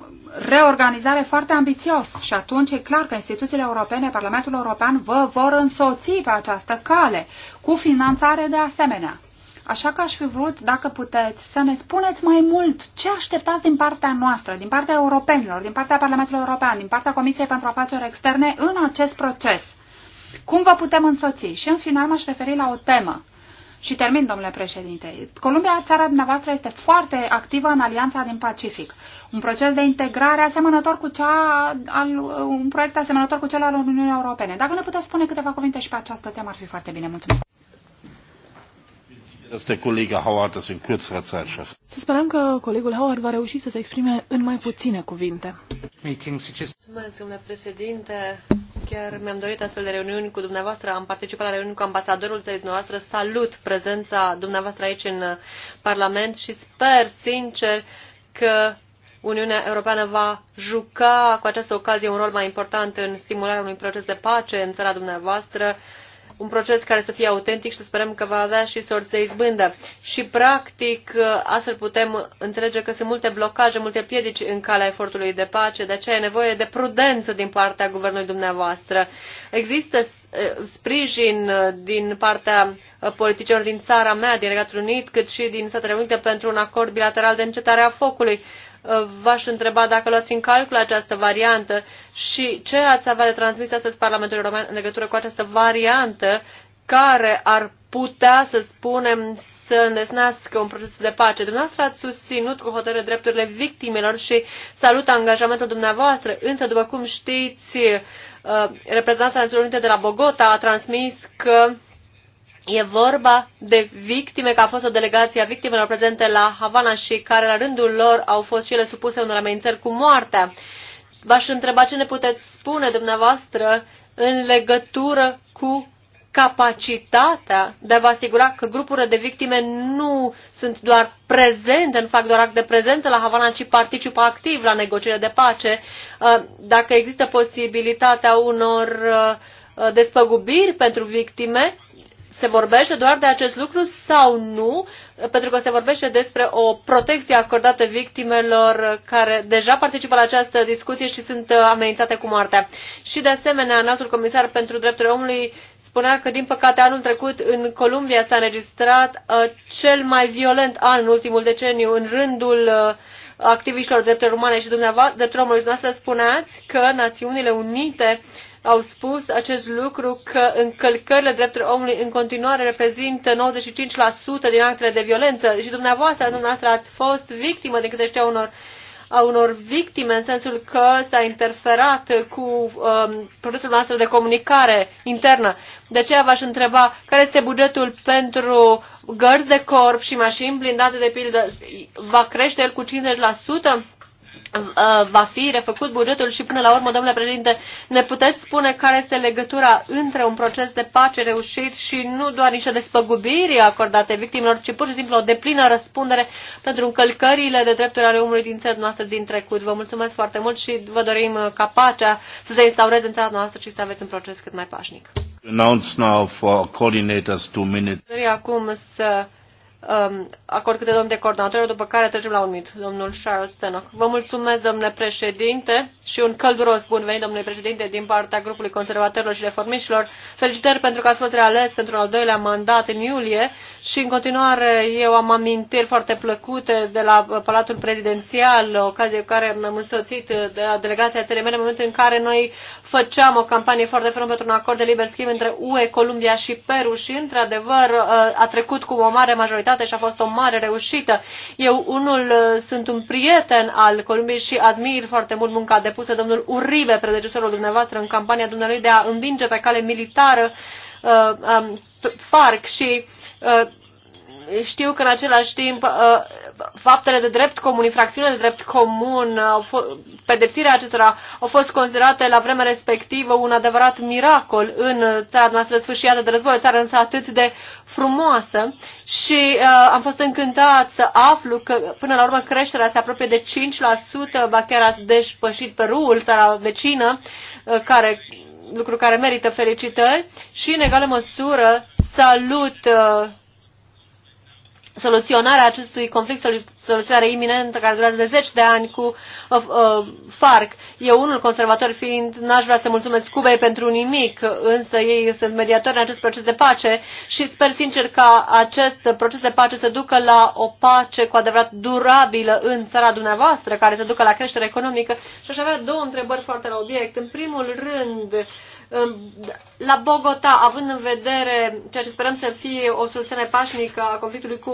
reorganizare foarte ambițios și atunci e clar că instituțiile europene, Parlamentul European vă vor însoți pe această cale, cu finanțare de asemenea. Așa că aș fi vrut, dacă puteți, să ne spuneți mai mult ce așteptați din partea noastră, din partea europenilor, din partea Parlamentului European, din partea Comisiei pentru Afaceri Externe în acest proces. Cum vă putem însoți? Și în final m-aș referi la o temă și termin, domnule președinte. Columbia, țara dumneavoastră, este foarte activă în Alianța din Pacific. Un proces de integrare asemănător cu cea al, un proiect asemănător cu cel al Uniunii Europene. Dacă ne puteți spune câteva cuvinte și pe această temă, ar fi foarte bine. Mulțumesc. Să sperăm că colegul Howard va reuși să se exprime în mai puține cuvinte. Mulțumesc, domnule președinte. Chiar mi-am dorit astfel de reuniuni cu dumneavoastră. Am participat la reuniuni cu ambasadorul țării dumneavoastră. Salut prezența dumneavoastră aici în uh, Parlament și sper sincer că Uniunea Europeană va juca cu această ocazie un rol mai important în stimularea unui proces de pace în țara dumneavoastră un proces care să fie autentic și să sperăm că va avea și sorți de izbândă. Și, practic, astfel putem înțelege că sunt multe blocaje, multe piedici în calea efortului de pace, de aceea e nevoie de prudență din partea guvernului dumneavoastră. Există sprijin din partea politicienilor din țara mea, din Regatul Unit, cât și din Statele Unite pentru un acord bilateral de încetare a focului v-aș întreba dacă luați în calcul această variantă și ce ați avea de transmis astăzi Parlamentului Român în legătură cu această variantă care ar putea, să spunem, să înlesnească un proces de pace. Dumneavoastră ați susținut cu hotărâre drepturile victimelor și salut angajamentul dumneavoastră, însă, după cum știți, uh, reprezentanța Națiunilor Unite de la Bogota a transmis că E vorba de victime, că a fost o delegație a victimelor prezente la Havana și care la rândul lor au fost și ele supuse unor amenințări cu moartea. V-aș întreba ce ne puteți spune dumneavoastră în legătură cu capacitatea de a vă asigura că grupurile de victime nu sunt doar prezente, nu fac doar act de prezență la Havana, ci participă activ la negocierile de pace, uh, dacă există posibilitatea unor uh, uh, despăgubiri pentru victime se vorbește doar de acest lucru sau nu, pentru că se vorbește despre o protecție acordată victimelor care deja participă la această discuție și sunt uh, amenințate cu moartea. Și de asemenea, înaltul comisar pentru drepturile omului spunea că, din păcate, anul trecut în Columbia s-a înregistrat uh, cel mai violent an în ultimul deceniu în rândul uh, activiștilor drepturilor umane și dumneavoastră, drepturilor omului dumneavoastră, spuneați că Națiunile Unite uh, au spus acest lucru că încălcările drepturilor omului în continuare reprezintă 95% din actele de violență și dumneavoastră, dumneavoastră ați fost victimă, din câte știu, unor, a unor victime în sensul că s-a interferat cu um, procesul noastră de comunicare internă. De aceea v-aș întreba care este bugetul pentru gărzi de corp și mașini blindate de pildă. Va crește el cu 50%? Uh, va fi refăcut bugetul și până la urmă, domnule președinte, ne puteți spune care este legătura între un proces de pace reușit și nu doar niște despăgubiri acordate victimilor, ci pur și simplu o deplină răspundere pentru încălcările de drepturi ale omului din țara noastră din trecut. Vă mulțumesc foarte mult și vă dorim uh, ca pacea să se instaureze în țara noastră și să aveți un proces cât mai pașnic. Announce now for coordinators two minutes. Acum să um, acord câte domn de coordonator, după care trecem la un minut, domnul Charles Stenock. Vă mulțumesc, domnule președinte, și un călduros bun venit, domnule președinte, din partea grupului conservatorilor și reformiștilor. Felicitări pentru că ați fost reales pentru un al doilea mandat în iulie și în continuare eu am amintiri foarte plăcute de la Palatul Prezidențial, ocazie care m-am însoțit de la delegația telemene în momentul în care noi făceam o campanie foarte fermă pentru un acord de liber schimb între UE, Columbia și Peru și, într-adevăr, a trecut cu o mare majoritate specialitate și a fost o mare reușită. Eu unul uh, sunt un prieten al Columbiei și admir foarte mult munca depusă domnul Uribe, predecesorul dumneavoastră, în campania dumnealui de a învinge pe cale militară uh, um, FARC și uh, știu că în același timp uh, faptele de drept comun, infracțiunile de drept comun, uh, pedepsirea acestora au fost considerate la vremea respectivă un adevărat miracol în țara noastră sfârșiată de război, o țară însă atât de frumoasă și uh, am fost încântat să aflu că până la urmă creșterea se apropie de 5%, ba chiar a depășit Perul, țara vecină, uh, care, lucru care merită felicitări și în egală măsură salut uh, soluționarea acestui conflict, soluționare iminentă care durează de zeci de ani cu uh, uh, FARC. Eu, unul conservator fiind, n-aș vrea să mulțumesc Cubei pentru nimic, însă ei sunt mediatori în acest proces de pace și sper sincer ca acest proces de pace să ducă la o pace cu adevărat durabilă în țara dumneavoastră, care să ducă la creștere economică. Și aș avea două întrebări foarte la obiect. În primul rând, uh, la Bogota, având în vedere ceea ce sperăm să fie o soluție pașnică a conflictului cu,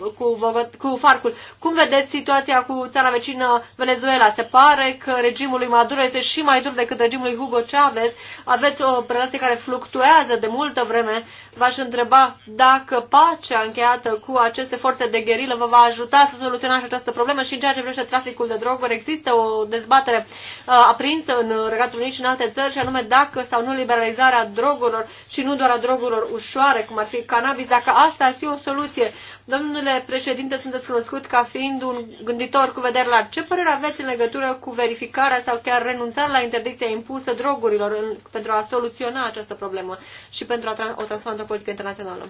uh, cu, Bogot, cu Farcul, cum vedeți situația cu țara vecină Venezuela? Se pare că regimul lui Maduro este și mai dur decât regimul lui Hugo Chavez. Aveți o relație care fluctuează de multă vreme V-aș întreba dacă pacea încheiată cu aceste forțe de gherilă vă va ajuta să soluționați această problemă și în ceea ce privește traficul de droguri. Există o dezbatere uh, aprinsă în Regatul Unit și în alte țări și anume dacă sau nu liberalizarea drogurilor și nu doar a drogurilor ușoare, cum ar fi cannabis, dacă asta ar fi o soluție. Domnule președinte, sunteți cunoscut ca fiind un gânditor cu vedere la Ce părere aveți în legătură cu verificarea sau chiar renunțarea la interdicția impusă drogurilor în, pentru a soluționa această problemă și pentru a o transforma într-o politică internațională?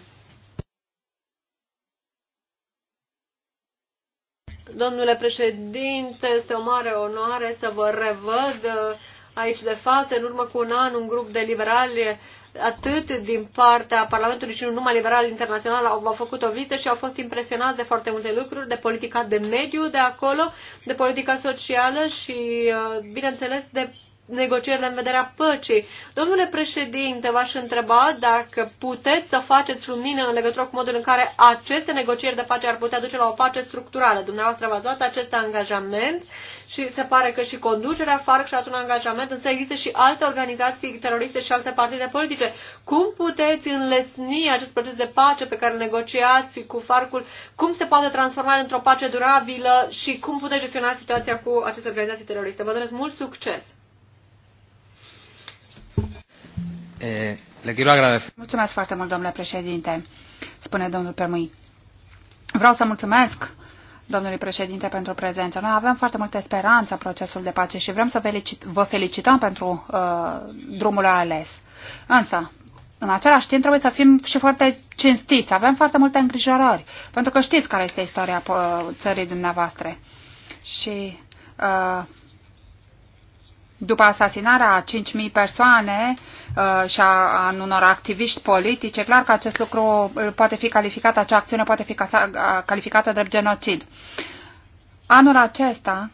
Domnule președinte, este o mare onoare să vă revăd aici de față. În urmă cu un an, un grup de liberali atât din partea Parlamentului și nu numai liberal internațional au, au făcut o vizită și au fost impresionați de foarte multe lucruri, de politica de mediu de acolo, de politica socială și, uh, bineînțeles, de negocierile în vederea păcii. Domnule președinte, v-aș întreba dacă puteți să faceți lumină în legătură cu modul în care aceste negocieri de pace ar putea duce la o pace structurală. Dumneavoastră v-ați luat acest angajament și se pare că și conducerea FARC și-a un angajament, însă există și alte organizații teroriste și alte partide politice. Cum puteți înlesni acest proces de pace pe care îl negociați cu FARC-ul? Cum se poate transforma într-o pace durabilă și cum puteți gestiona situația cu aceste organizații teroriste? Vă doresc mult succes! Eh, le quiero agradecer. Mulțumesc foarte mult, domnule președinte, spune domnul Permui. Vreau să mulțumesc domnului președinte pentru prezență. Noi avem foarte multă speranță în procesul de pace și vrem să felicit, vă felicităm pentru uh, drumul ales. Însă, în același timp trebuie să fim și foarte cinstiți. Avem foarte multe îngrijorări, pentru că știți care este istoria uh, țării dumneavoastră. Și uh, după asasinarea a 5.000 persoane uh, și a, a unor activiști politici, e clar că acest lucru poate fi calificat, acea acțiune poate fi calificată drept genocid. Anul acesta,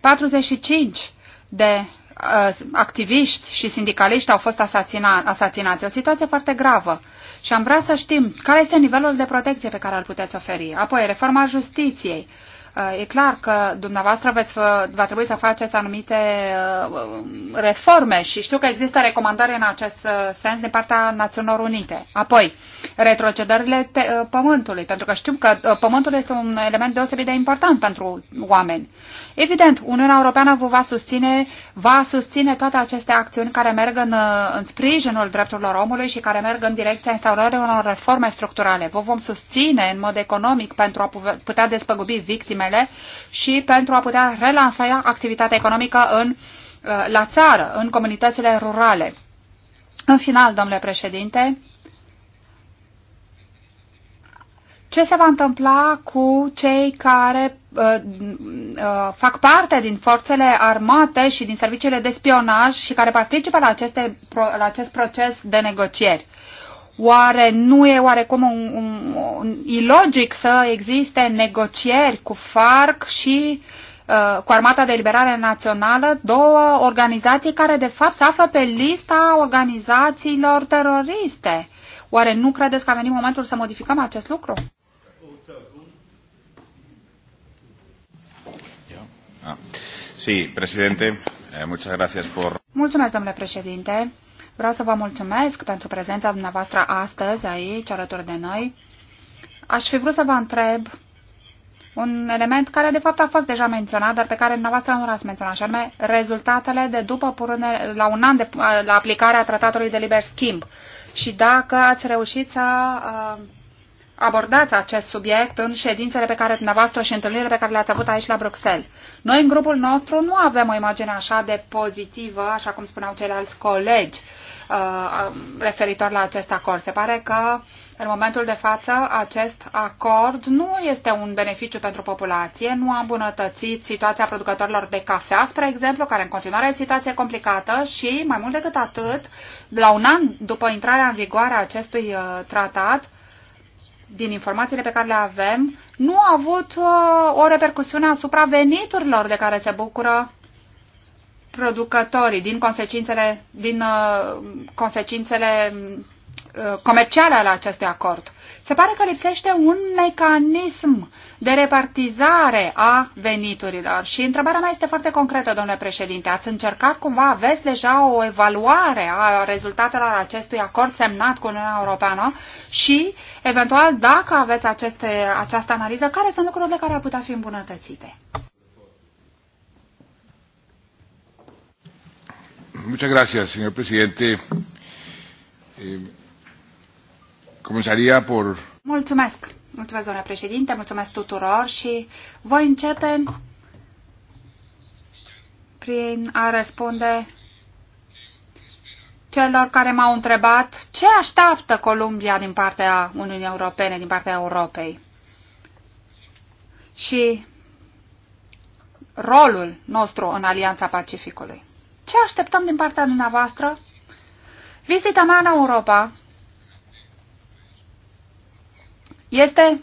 45 de uh, activiști și sindicaliști au fost asasina, asasinați. O situație foarte gravă. Și am vrea să știm care este nivelul de protecție pe care îl puteți oferi. Apoi, reforma justiției. Uh, Uh, e clar că dumneavoastră veți, va trebui să faceți anumite uh, reforme și știu că există recomandări în acest uh, sens din partea Națiunilor Unite. Apoi, retrocedările te- pământului, pentru că știu că pământul este un element deosebit de important pentru oameni. Evident, Uniunea Europeană vă va susține, va susține toate aceste acțiuni care merg în, în sprijinul drepturilor omului și care merg în direcția instaurării unor reforme structurale. Vă vom susține în mod economic pentru a putea despăgubi victime firmele și pentru a putea relansa activitatea economică în, uh, la țară, în comunitățile rurale. În final, domnule președinte, ce se va întâmpla cu cei care uh, uh, fac parte din forțele armate și din serviciile de spionaj și care participă la, aceste, la acest proces de negocieri? Oare nu e oarecum un, un, un ilogic să existe negocieri cu FARC și uh, cu Armata de Liberare Națională, două organizații care de fapt se află pe lista organizațiilor teroriste? Oare nu credeți că a venit momentul să modificăm acest lucru? Ah. Eh, Mulțumesc, domnule președinte. Vreau să vă mulțumesc pentru prezența dumneavoastră astăzi aici, alături de noi. Aș fi vrut să vă întreb un element care de fapt a fost deja menționat, dar pe care dumneavoastră nu l-ați menționat, și anume rezultatele de după purune, la un an de la aplicarea tratatului de liber schimb. Și dacă ați reușit să uh, abordați acest subiect în ședințele pe care dumneavoastră și întâlnirile pe care le-ați avut aici la Bruxelles. Noi în grupul nostru nu avem o imagine așa de pozitivă, așa cum spuneau ceilalți colegi, Uh, um, referitor la acest acord. Se pare că în momentul de față acest acord nu este un beneficiu pentru populație, nu a îmbunătățit situația producătorilor de cafea, spre exemplu, care în continuare e situație complicată și, mai mult decât atât, la un an după intrarea în vigoare a acestui uh, tratat, din informațiile pe care le avem, nu a avut uh, o repercusiune asupra veniturilor de care se bucură producătorii din consecințele, din, uh, consecințele uh, comerciale ale acestui acord. Se pare că lipsește un mecanism de repartizare a veniturilor. Și întrebarea mea este foarte concretă, domnule președinte. Ați încercat cumva, aveți deja o evaluare a rezultatelor acestui acord semnat cu Uniunea Europeană și, eventual, dacă aveți aceste, această analiză, care sunt lucrurile care ar putea fi îmbunătățite? Muchas gracias, señor presidente. Eh, comenzaría por... Mulțumesc. Mulțumesc, doamna președinte, mulțumesc tuturor și voi începe prin a răspunde celor care m-au întrebat ce așteaptă Columbia din partea Uniunii Europene, din partea Europei. Și rolul nostru în Alianța Pacificului. Ce așteptăm din partea dumneavoastră? Vizita mea în Europa este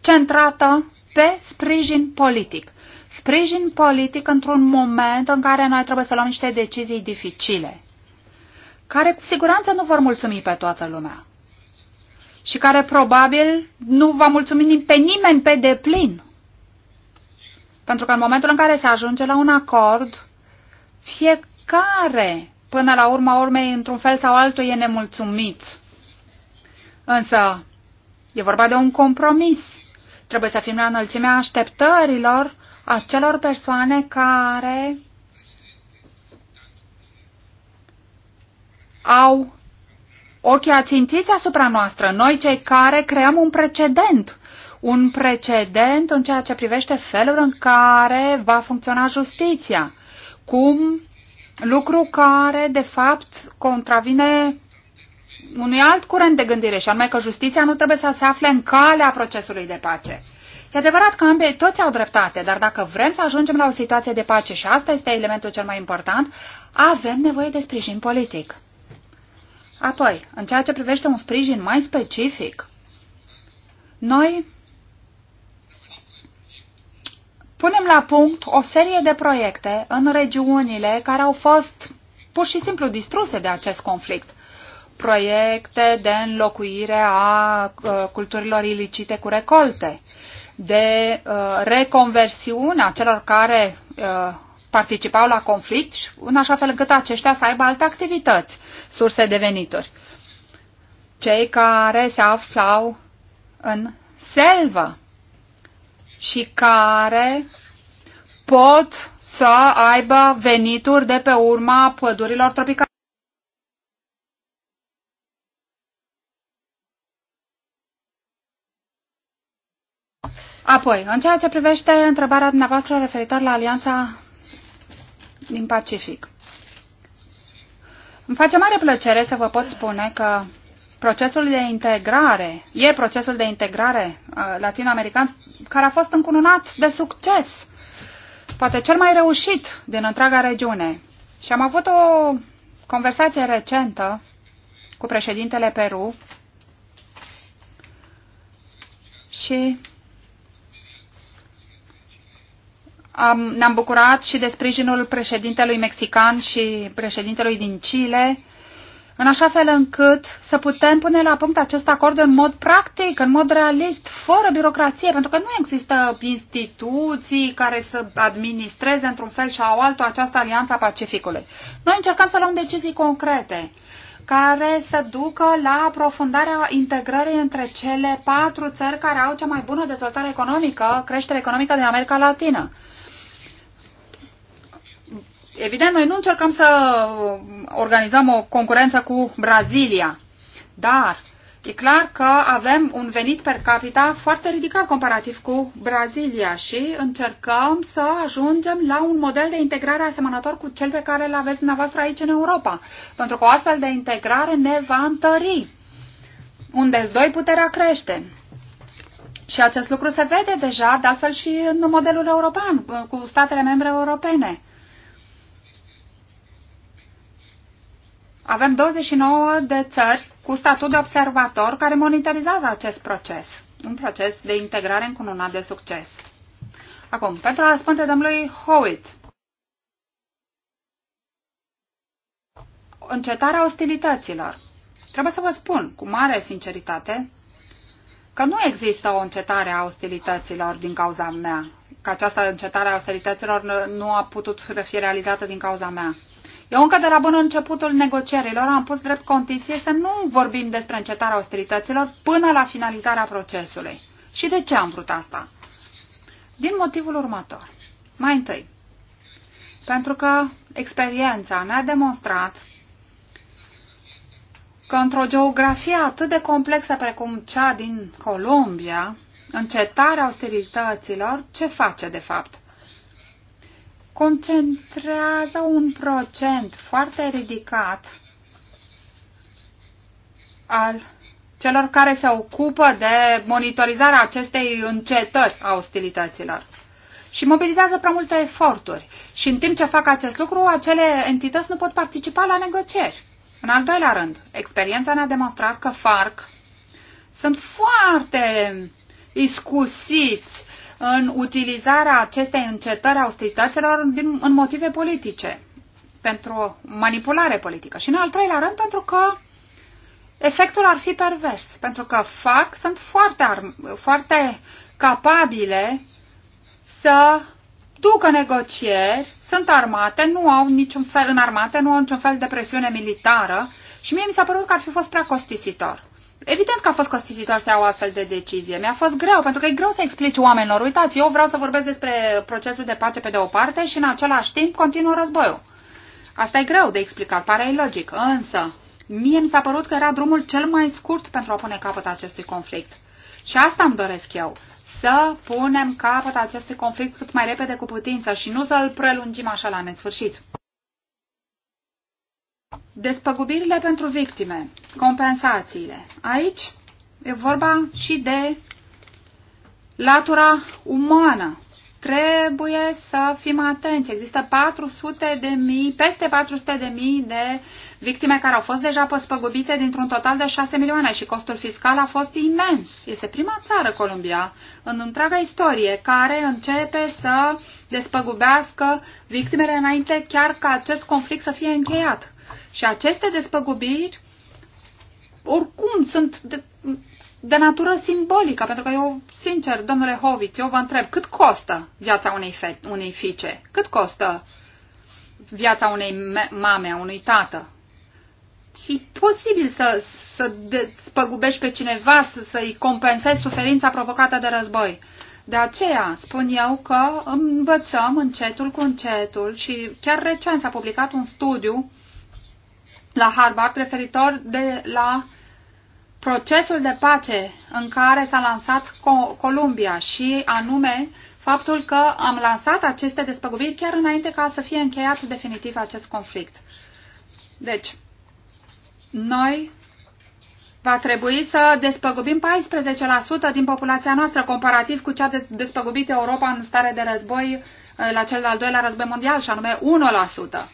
centrată pe sprijin politic. Sprijin politic într-un moment în care noi trebuie să luăm niște decizii dificile, care cu siguranță nu vor mulțumi pe toată lumea și care probabil nu va mulțumi pe nimeni pe deplin. Pentru că în momentul în care se ajunge la un acord, fie care, până la urma urmei, într-un fel sau altul, e nemulțumit. Însă, e vorba de un compromis. Trebuie să fim la înălțimea așteptărilor acelor persoane care au ochii ațintiți asupra noastră, noi cei care creăm un precedent, un precedent în ceea ce privește felul în care va funcționa justiția, cum Lucru care, de fapt, contravine unui alt curent de gândire, și anume că justiția nu trebuie să se afle în calea procesului de pace. E adevărat că ambele toți au dreptate, dar dacă vrem să ajungem la o situație de pace, și asta este elementul cel mai important, avem nevoie de sprijin politic. Apoi, în ceea ce privește un sprijin mai specific, noi punem la punct o serie de proiecte în regiunile care au fost pur și simplu distruse de acest conflict. Proiecte de înlocuire a culturilor ilicite cu recolte, de reconversiune a celor care participau la conflict, în așa fel încât aceștia să aibă alte activități, surse de venituri. Cei care se aflau în selvă, și care pot să aibă venituri de pe urma pădurilor tropicale. Apoi, în ceea ce privește întrebarea dumneavoastră referitor la Alianța din Pacific. Îmi face mare plăcere să vă pot spune că procesul de integrare, e procesul de integrare uh, latinoamerican care a fost încununat de succes, poate cel mai reușit din întreaga regiune. Și am avut o conversație recentă cu președintele Peru și ne-am bucurat și de sprijinul președintelui mexican și președintelui din Chile în așa fel încât să putem pune la punct acest acord în mod practic, în mod realist, fără birocrație, pentru că nu există instituții care să administreze într-un fel sau altul această alianță a Pacificului. Noi încercăm să luăm decizii concrete care să ducă la aprofundarea integrării între cele patru țări care au cea mai bună dezvoltare economică, creștere economică din America Latină. Evident, noi nu încercăm să organizăm o concurență cu Brazilia, dar e clar că avem un venit per capita foarte ridicat comparativ cu Brazilia și încercăm să ajungem la un model de integrare asemănător cu cel pe care îl aveți dumneavoastră aici în Europa, pentru că o astfel de integrare ne va întări. Unde doi puterea crește. Și acest lucru se vede deja, de altfel și în modelul european, cu statele membre europene. Avem 29 de țări cu statut de observator care monitorizează acest proces, un proces de integrare încununat de succes. Acum, pentru a răspunde domnului Howitt, încetarea ostilităților. Trebuie să vă spun cu mare sinceritate că nu există o încetare a ostilităților din cauza mea, că această încetare a ostilităților nu a putut fi realizată din cauza mea. Eu încă de la bun începutul negocierilor am pus drept condiție să nu vorbim despre încetarea austerităților până la finalizarea procesului. Și de ce am vrut asta? Din motivul următor. Mai întâi, pentru că experiența ne-a demonstrat că într-o geografie atât de complexă precum cea din Columbia, încetarea austerităților ce face de fapt? concentrează un procent foarte ridicat al celor care se ocupă de monitorizarea acestei încetări a ostilităților. Și mobilizează prea multe eforturi. Și în timp ce fac acest lucru, acele entități nu pot participa la negocieri. În al doilea rând, experiența ne-a demonstrat că FARC sunt foarte iscusiți în utilizarea acestei încetări austerităților din, în motive politice, pentru manipulare politică. Și în al treilea rând, pentru că efectul ar fi pervers, pentru că fac, sunt foarte, foarte capabile să ducă negocieri, sunt armate, nu au niciun fel, în armate nu au niciun fel de presiune militară și mie mi s-a părut că ar fi fost prea costisitor. Evident că a fost costisitor să iau astfel de decizie. Mi-a fost greu, pentru că e greu să explici oamenilor. Uitați, eu vreau să vorbesc despre procesul de pace pe de o parte și în același timp continuă războiul. Asta e greu de explicat, pare ilogic, însă mie mi s-a părut că era drumul cel mai scurt pentru a pune capăt acestui conflict. Și asta îmi doresc eu, să punem capăt acestui conflict cât mai repede cu putință și nu să-l prelungim așa la nesfârșit. Despăgubirile pentru victime, compensațiile. Aici e vorba și de latura umană. Trebuie să fim atenți. Există 400 de mii, peste 400 de mii de victime care au fost deja păspăgubite dintr-un total de 6 milioane și costul fiscal a fost imens. Este prima țară, Columbia, în întreaga istorie, care începe să despăgubească victimele înainte chiar ca acest conflict să fie încheiat. Și aceste despăgubiri, oricum, sunt de, de natură simbolică, pentru că eu, sincer, domnule Hovic, eu vă întreb, cât costă viața unei, fe- unei fiice? Cât costă viața unei mame, a unui tată? E posibil să, să despăgubești pe cineva, să, să-i compensezi suferința provocată de război. De aceea spun eu că învățăm încetul cu încetul și chiar recent s-a publicat un studiu la Harvard referitor de la procesul de pace în care s-a lansat Columbia și anume faptul că am lansat aceste despăgubiri chiar înainte ca să fie încheiat definitiv acest conflict. Deci, noi va trebui să despăgubim 14% din populația noastră comparativ cu cea de despăgubit Europa în stare de război eh, la cel de-al doilea război mondial, și anume 1%.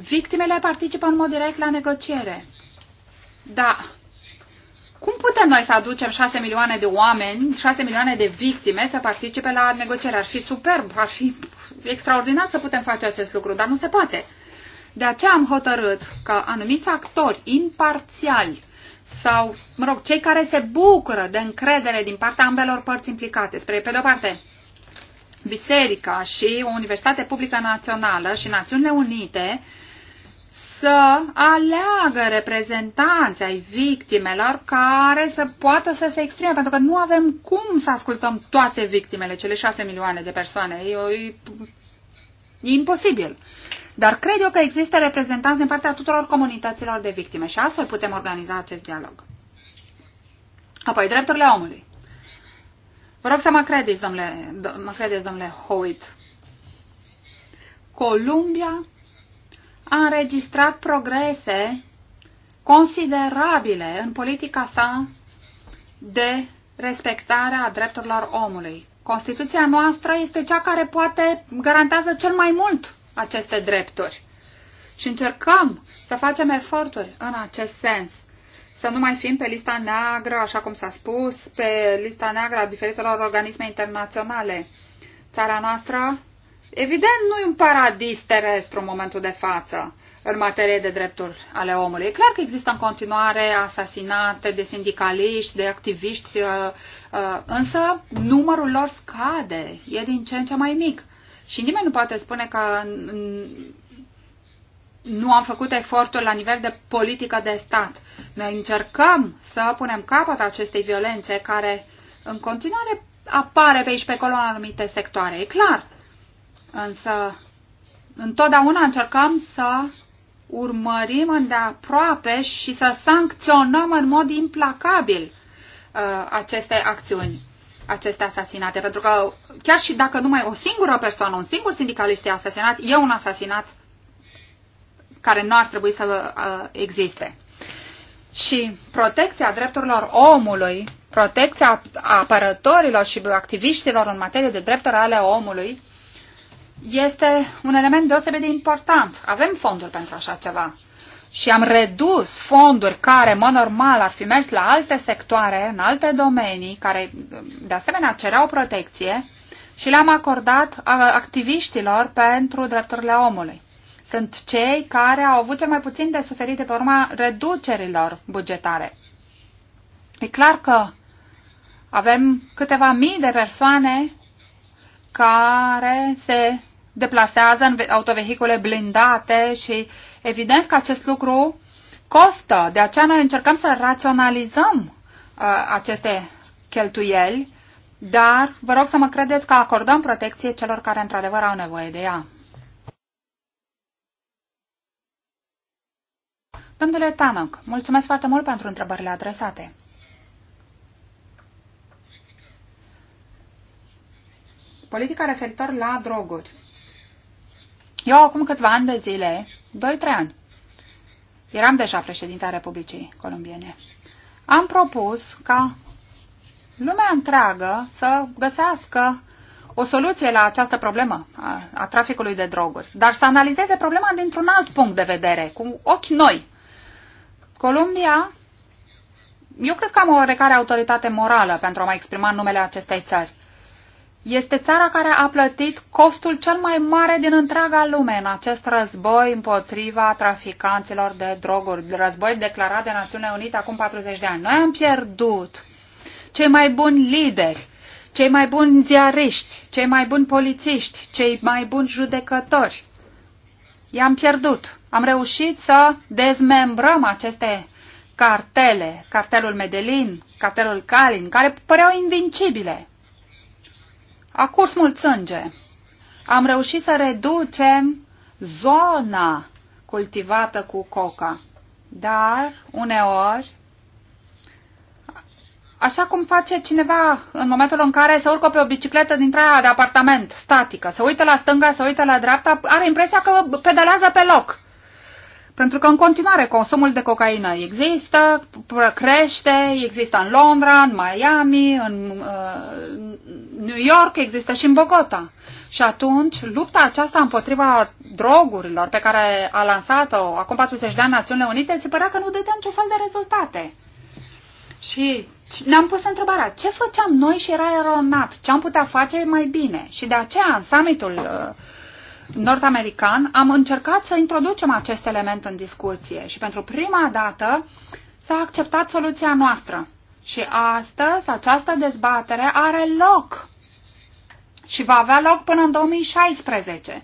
Victimele participă în mod direct la negociere. Da. Cum putem noi să aducem 6 milioane de oameni, 6 milioane de victime să participe la negociere? Ar fi superb, ar fi extraordinar să putem face acest lucru, dar nu se poate. De aceea am hotărât că anumiți actori imparțiali sau, mă rog, cei care se bucură de încredere din partea ambelor părți implicate, spre, pe de-o parte, Biserica și o Universitate Publică Națională și Națiunile Unite, să aleagă reprezentanți ai victimelor care să poată să se exprime, pentru că nu avem cum să ascultăm toate victimele, cele șase milioane de persoane. E, e, e imposibil. Dar cred eu că există reprezentanți din partea tuturor comunităților de victime și astfel putem organiza acest dialog. Apoi, drepturile omului. Vă rog să mă credeți, domnule, mă credeți, domnule Howitt. Columbia a înregistrat progrese considerabile în politica sa de respectare a drepturilor omului. Constituția noastră este cea care poate garantează cel mai mult aceste drepturi. Și încercăm să facem eforturi în acest sens. Să nu mai fim pe lista neagră, așa cum s-a spus, pe lista neagră a diferitelor organisme internaționale. Țara noastră Evident, nu e un paradis terestru în momentul de față în materie de drepturi ale omului. E clar că există în continuare asasinate de sindicaliști, de activiști, uh, uh, însă numărul lor scade, e din ce în ce mai mic. Și nimeni nu poate spune că nu am făcut efortul la nivel de politică de stat. Noi încercăm să punem capăt acestei violențe care în continuare apare pe aici pe acolo în anumite sectoare. E clar, Însă, întotdeauna încercăm să urmărim îndeaproape și să sancționăm în mod implacabil uh, aceste acțiuni, aceste asasinate. Pentru că chiar și dacă numai o singură persoană, un singur sindicalist e asasinat, e un asasinat care nu ar trebui să uh, existe. Și protecția drepturilor omului, protecția apărătorilor și activiștilor în materie de drepturi ale omului, este un element deosebit de important. Avem fonduri pentru așa ceva. Și am redus fonduri care, mă normal, ar fi mers la alte sectoare, în alte domenii, care de asemenea cereau protecție, și le-am acordat activiștilor pentru drepturile omului. Sunt cei care au avut cel mai puțin de suferit de pe urma reducerilor bugetare. E clar că avem câteva mii de persoane care se deplasează în autovehicule blindate și evident că acest lucru costă. De aceea noi încercăm să raționalizăm uh, aceste cheltuieli, dar vă rog să mă credeți că acordăm protecție celor care într-adevăr au nevoie de ea. Domnule Tanăc, mulțumesc foarte mult pentru întrebările adresate. Politica referitor la droguri. Eu acum câțiva ani de zile, 2-3 ani, eram deja președinta a Republicii Columbiene, am propus ca lumea întreagă să găsească o soluție la această problemă a, a traficului de droguri, dar să analizeze problema dintr-un alt punct de vedere, cu ochi noi. Columbia, eu cred că am o oarecare autoritate morală pentru a mai exprima numele acestei țări este țara care a plătit costul cel mai mare din întreaga lume în acest război împotriva traficanților de droguri, război declarat de Națiunea Unite acum 40 de ani. Noi am pierdut cei mai buni lideri, cei mai buni ziariști, cei mai buni polițiști, cei mai buni judecători. I-am pierdut. Am reușit să dezmembrăm aceste cartele, cartelul Medellin, cartelul Calin, care păreau invincibile a curs mult sânge. Am reușit să reducem zona cultivată cu coca. Dar, uneori, așa cum face cineva în momentul în care se urcă pe o bicicletă dintre aia de apartament, statică, se uită la stânga, se uită la dreapta, are impresia că pedalează pe loc. Pentru că în continuare consumul de cocaină există, crește, există în Londra, în Miami, în, uh, New York, există și în Bogota. Și atunci, lupta aceasta împotriva drogurilor pe care a lansat-o acum 40 de ani Națiunile Unite, se părea că nu dădea niciun fel de rezultate. Și ne-am pus întrebarea, ce făceam noi și era eronat? Ce am putea face mai bine? Și de aceea, în summitul uh, nord-american, am încercat să introducem acest element în discuție și pentru prima dată s-a acceptat soluția noastră. Și astăzi această dezbatere are loc și va avea loc până în 2016.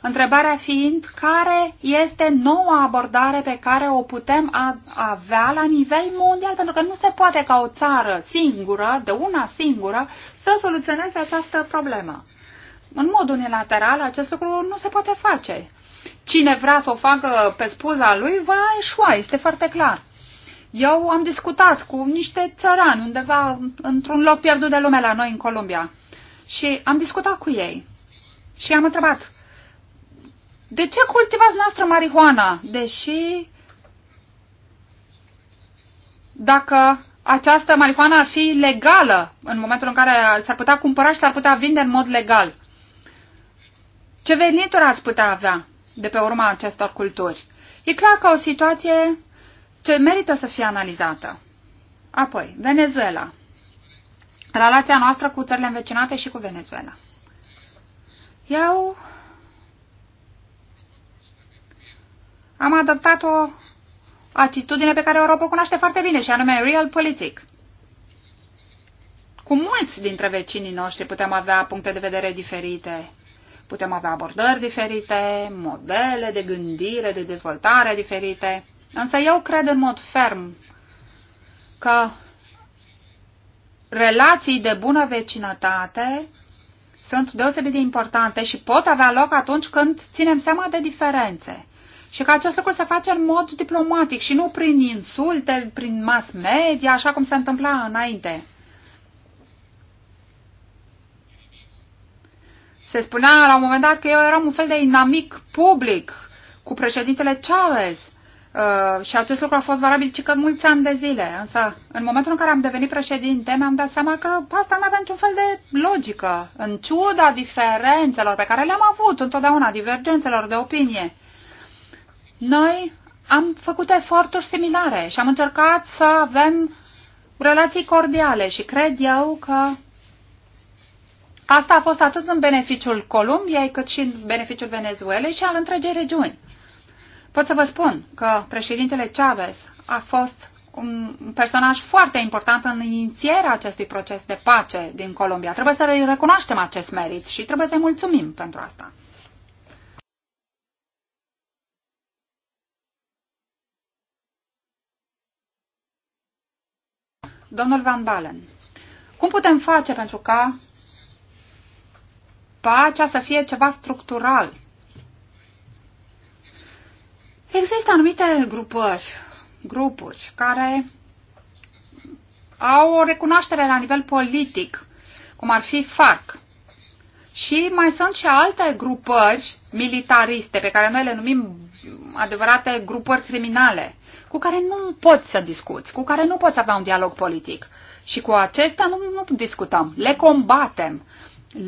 Întrebarea fiind care este noua abordare pe care o putem avea la nivel mondial, pentru că nu se poate ca o țară singură, de una singură, să soluționeze această problemă. În mod unilateral, acest lucru nu se poate face. Cine vrea să o facă pe spuza lui, va eșua, este foarte clar. Eu am discutat cu niște țărani undeva într-un loc pierdut de lume la noi în Columbia și am discutat cu ei și am întrebat de ce cultivați noastră marihuana? Deși dacă această marihuana ar fi legală în momentul în care s-ar putea cumpăra și s-ar putea vinde în mod legal. Ce venituri ați putea avea de pe urma acestor culturi? E clar că o situație ce merită să fie analizată. Apoi, Venezuela relația noastră cu țările învecinate și cu Venezuela. Eu am adoptat o atitudine pe care Europa o cunoaște foarte bine și anume real politic. Cu mulți dintre vecinii noștri putem avea puncte de vedere diferite, putem avea abordări diferite, modele de gândire, de dezvoltare diferite, însă eu cred în mod ferm că relații de bună vecinătate sunt deosebit de importante și pot avea loc atunci când ținem seama de diferențe. Și că acest lucru se face în mod diplomatic și nu prin insulte, prin mass media, așa cum se întâmpla înainte. Se spunea la un moment dat că eu eram un fel de inamic public cu președintele Chavez. Uh, și acest lucru a fost valabil și că mulți ani de zile. Însă, în momentul în care am devenit președinte, mi-am dat seama că asta nu avea niciun fel de logică. În ciuda diferențelor pe care le-am avut întotdeauna, divergențelor de opinie, noi am făcut eforturi similare și am încercat să avem relații cordiale și cred eu că asta a fost atât în beneficiul Columbiei cât și în beneficiul Venezuelei și al întregii regiuni. Pot să vă spun că președintele Chavez a fost un personaj foarte important în inițierea acestui proces de pace din Colombia. Trebuie să îi recunoaștem acest merit și trebuie să-i mulțumim pentru asta. Domnul Van Balen, cum putem face pentru ca pacea să fie ceva structural Există anumite grupări, grupuri care au o recunoaștere la nivel politic, cum ar fi FARC. Și mai sunt și alte grupări militariste, pe care noi le numim adevărate grupări criminale, cu care nu poți să discuți, cu care nu poți avea un dialog politic. Și cu acestea nu, nu discutăm, le combatem,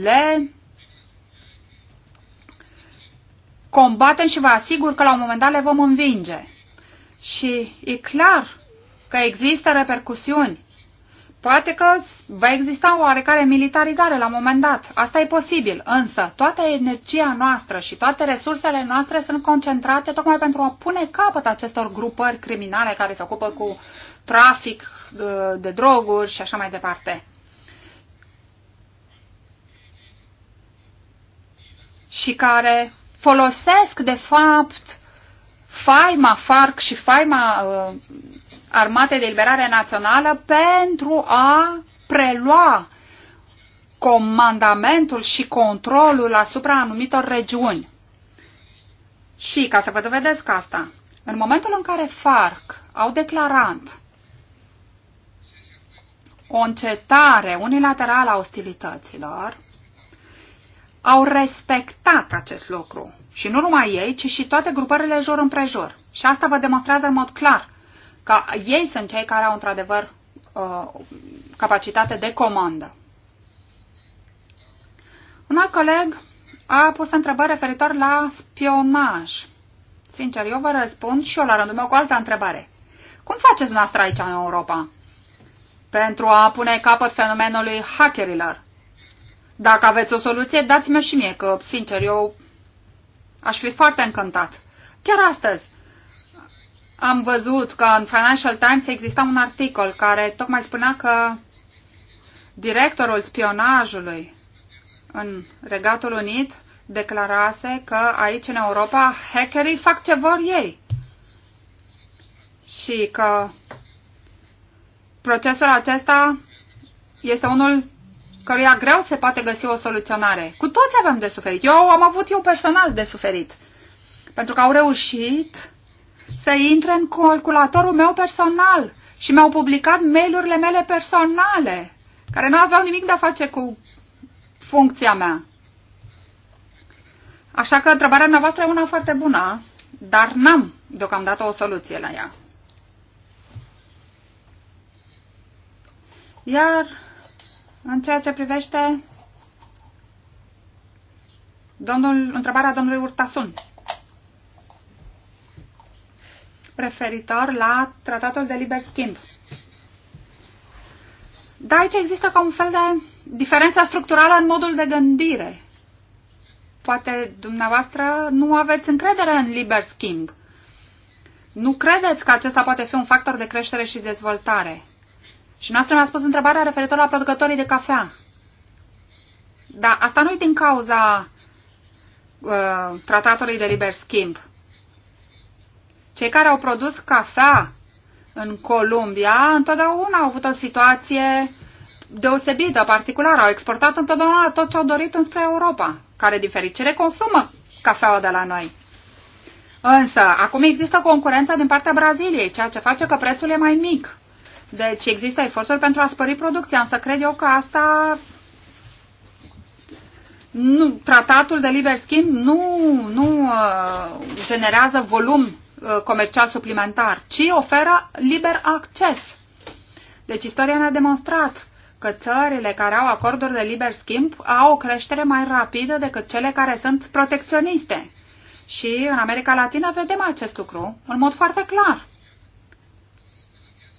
le combatem și vă asigur că la un moment dat le vom învinge. Și e clar că există repercusiuni. Poate că va exista o oarecare militarizare la un moment dat. Asta e posibil, însă toată energia noastră și toate resursele noastre sunt concentrate tocmai pentru a pune capăt acestor grupări criminale care se ocupă cu trafic de droguri și așa mai departe. Și care folosesc, de fapt, faima FARC și faima uh, Armatei de Liberare Națională pentru a prelua comandamentul și controlul asupra anumitor regiuni. Și, ca să vă dovedesc asta, în momentul în care FARC au declarat o încetare unilaterală a ostilităților, au respectat acest lucru. Și nu numai ei, ci și toate grupările jur împrejur. Și asta vă demonstrează în mod clar că ei sunt cei care au într-adevăr uh, capacitate de comandă. Un alt coleg a pus întrebări referitor la spionaj. Sincer, eu vă răspund și eu la rândul meu cu altă întrebare. Cum faceți noastră aici în Europa pentru a pune capăt fenomenului hackerilor? Dacă aveți o soluție, dați-mi și mie, că, sincer, eu aș fi foarte încântat. Chiar astăzi am văzut că în Financial Times exista un articol care tocmai spunea că directorul spionajului în Regatul Unit declarase că aici în Europa hackerii fac ce vor ei și că procesul acesta este unul căruia greu se poate găsi o soluționare. Cu toți avem de suferit. Eu am avut eu personal de suferit. Pentru că au reușit să intre în calculatorul meu personal și mi-au publicat mail-urile mele personale, care nu aveau nimic de a face cu funcția mea. Așa că întrebarea noastră e una foarte bună, dar n-am deocamdată o soluție la ea. Iar în ceea ce privește domnul, întrebarea domnului Urtasun referitor la tratatul de liber schimb. Da, aici există ca un fel de diferență structurală în modul de gândire. Poate dumneavoastră nu aveți încredere în liber schimb. Nu credeți că acesta poate fi un factor de creștere și dezvoltare. Și noastră mi-a spus întrebarea referitor la producătorii de cafea. Dar asta nu e din cauza uh, tratatului de liber schimb. Cei care au produs cafea în Columbia întotdeauna au avut o situație deosebită, particulară. Au exportat întotdeauna tot ce au dorit înspre Europa, care din fericire consumă cafeaua de la noi. Însă, acum există concurența din partea Braziliei, ceea ce face că prețul e mai mic. Deci există eforturi pentru a spări producția, însă cred eu că asta nu, tratatul de liber schimb nu, nu uh, generează volum uh, comercial suplimentar, ci oferă liber acces. Deci istoria ne-a demonstrat că țările care au acorduri de liber schimb au o creștere mai rapidă decât cele care sunt protecționiste. Și în America Latină vedem acest lucru în mod foarte clar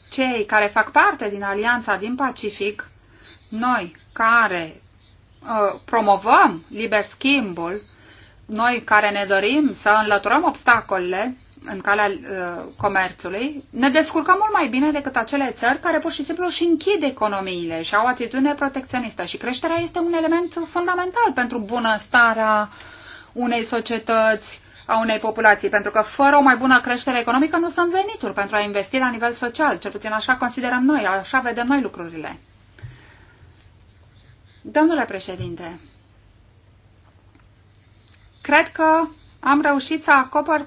cei care fac parte din Alianța din Pacific, noi care uh, promovăm liber schimbul, noi care ne dorim să înlăturăm obstacolele în calea uh, comerțului, ne descurcăm mult mai bine decât acele țări care pur și simplu își închid economiile și au atitudine protecționistă. Și creșterea este un element fundamental pentru bunăstarea unei societăți, a unei populații, pentru că fără o mai bună creștere economică nu sunt venituri pentru a investi la nivel social, cel puțin așa considerăm noi, așa vedem noi lucrurile. Domnule președinte, cred că am reușit să acopăr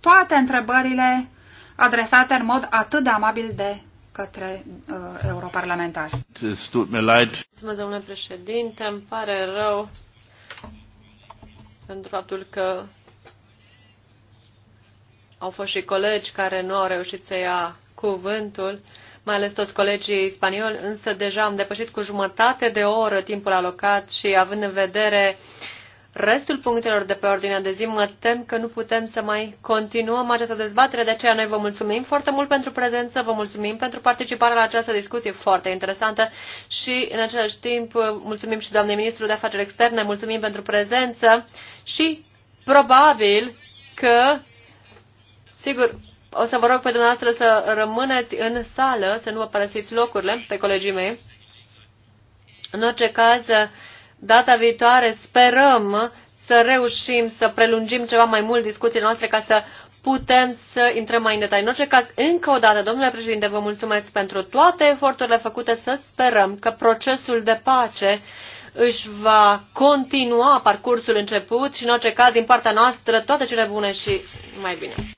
toate întrebările adresate în mod atât de amabil de către uh, europarlamentari. Mulțumesc, domnule președinte. Îmi pare rău pentru faptul că au fost și colegi care nu au reușit să ia cuvântul, mai ales toți colegii spanioli, însă deja am depășit cu jumătate de oră timpul alocat și având în vedere restul punctelor de pe ordinea de zi, mă tem că nu putem să mai continuăm această dezbatere, de aceea noi vă mulțumim foarte mult pentru prezență, vă mulțumim pentru participarea la această discuție foarte interesantă și în același timp mulțumim și doamnei ministru de afaceri externe, mulțumim pentru prezență și probabil că Sigur, o să vă rog pe dumneavoastră să rămâneți în sală, să nu vă părăsiți locurile pe colegii mei. În orice caz, data viitoare sperăm să reușim să prelungim ceva mai mult discuțiile noastre ca să putem să intrăm mai în detalii. În orice caz, încă o dată, domnule președinte, vă mulțumesc pentru toate eforturile făcute. Să sperăm că procesul de pace își va continua parcursul început și, în orice caz, din partea noastră, toate cele bune și mai bine.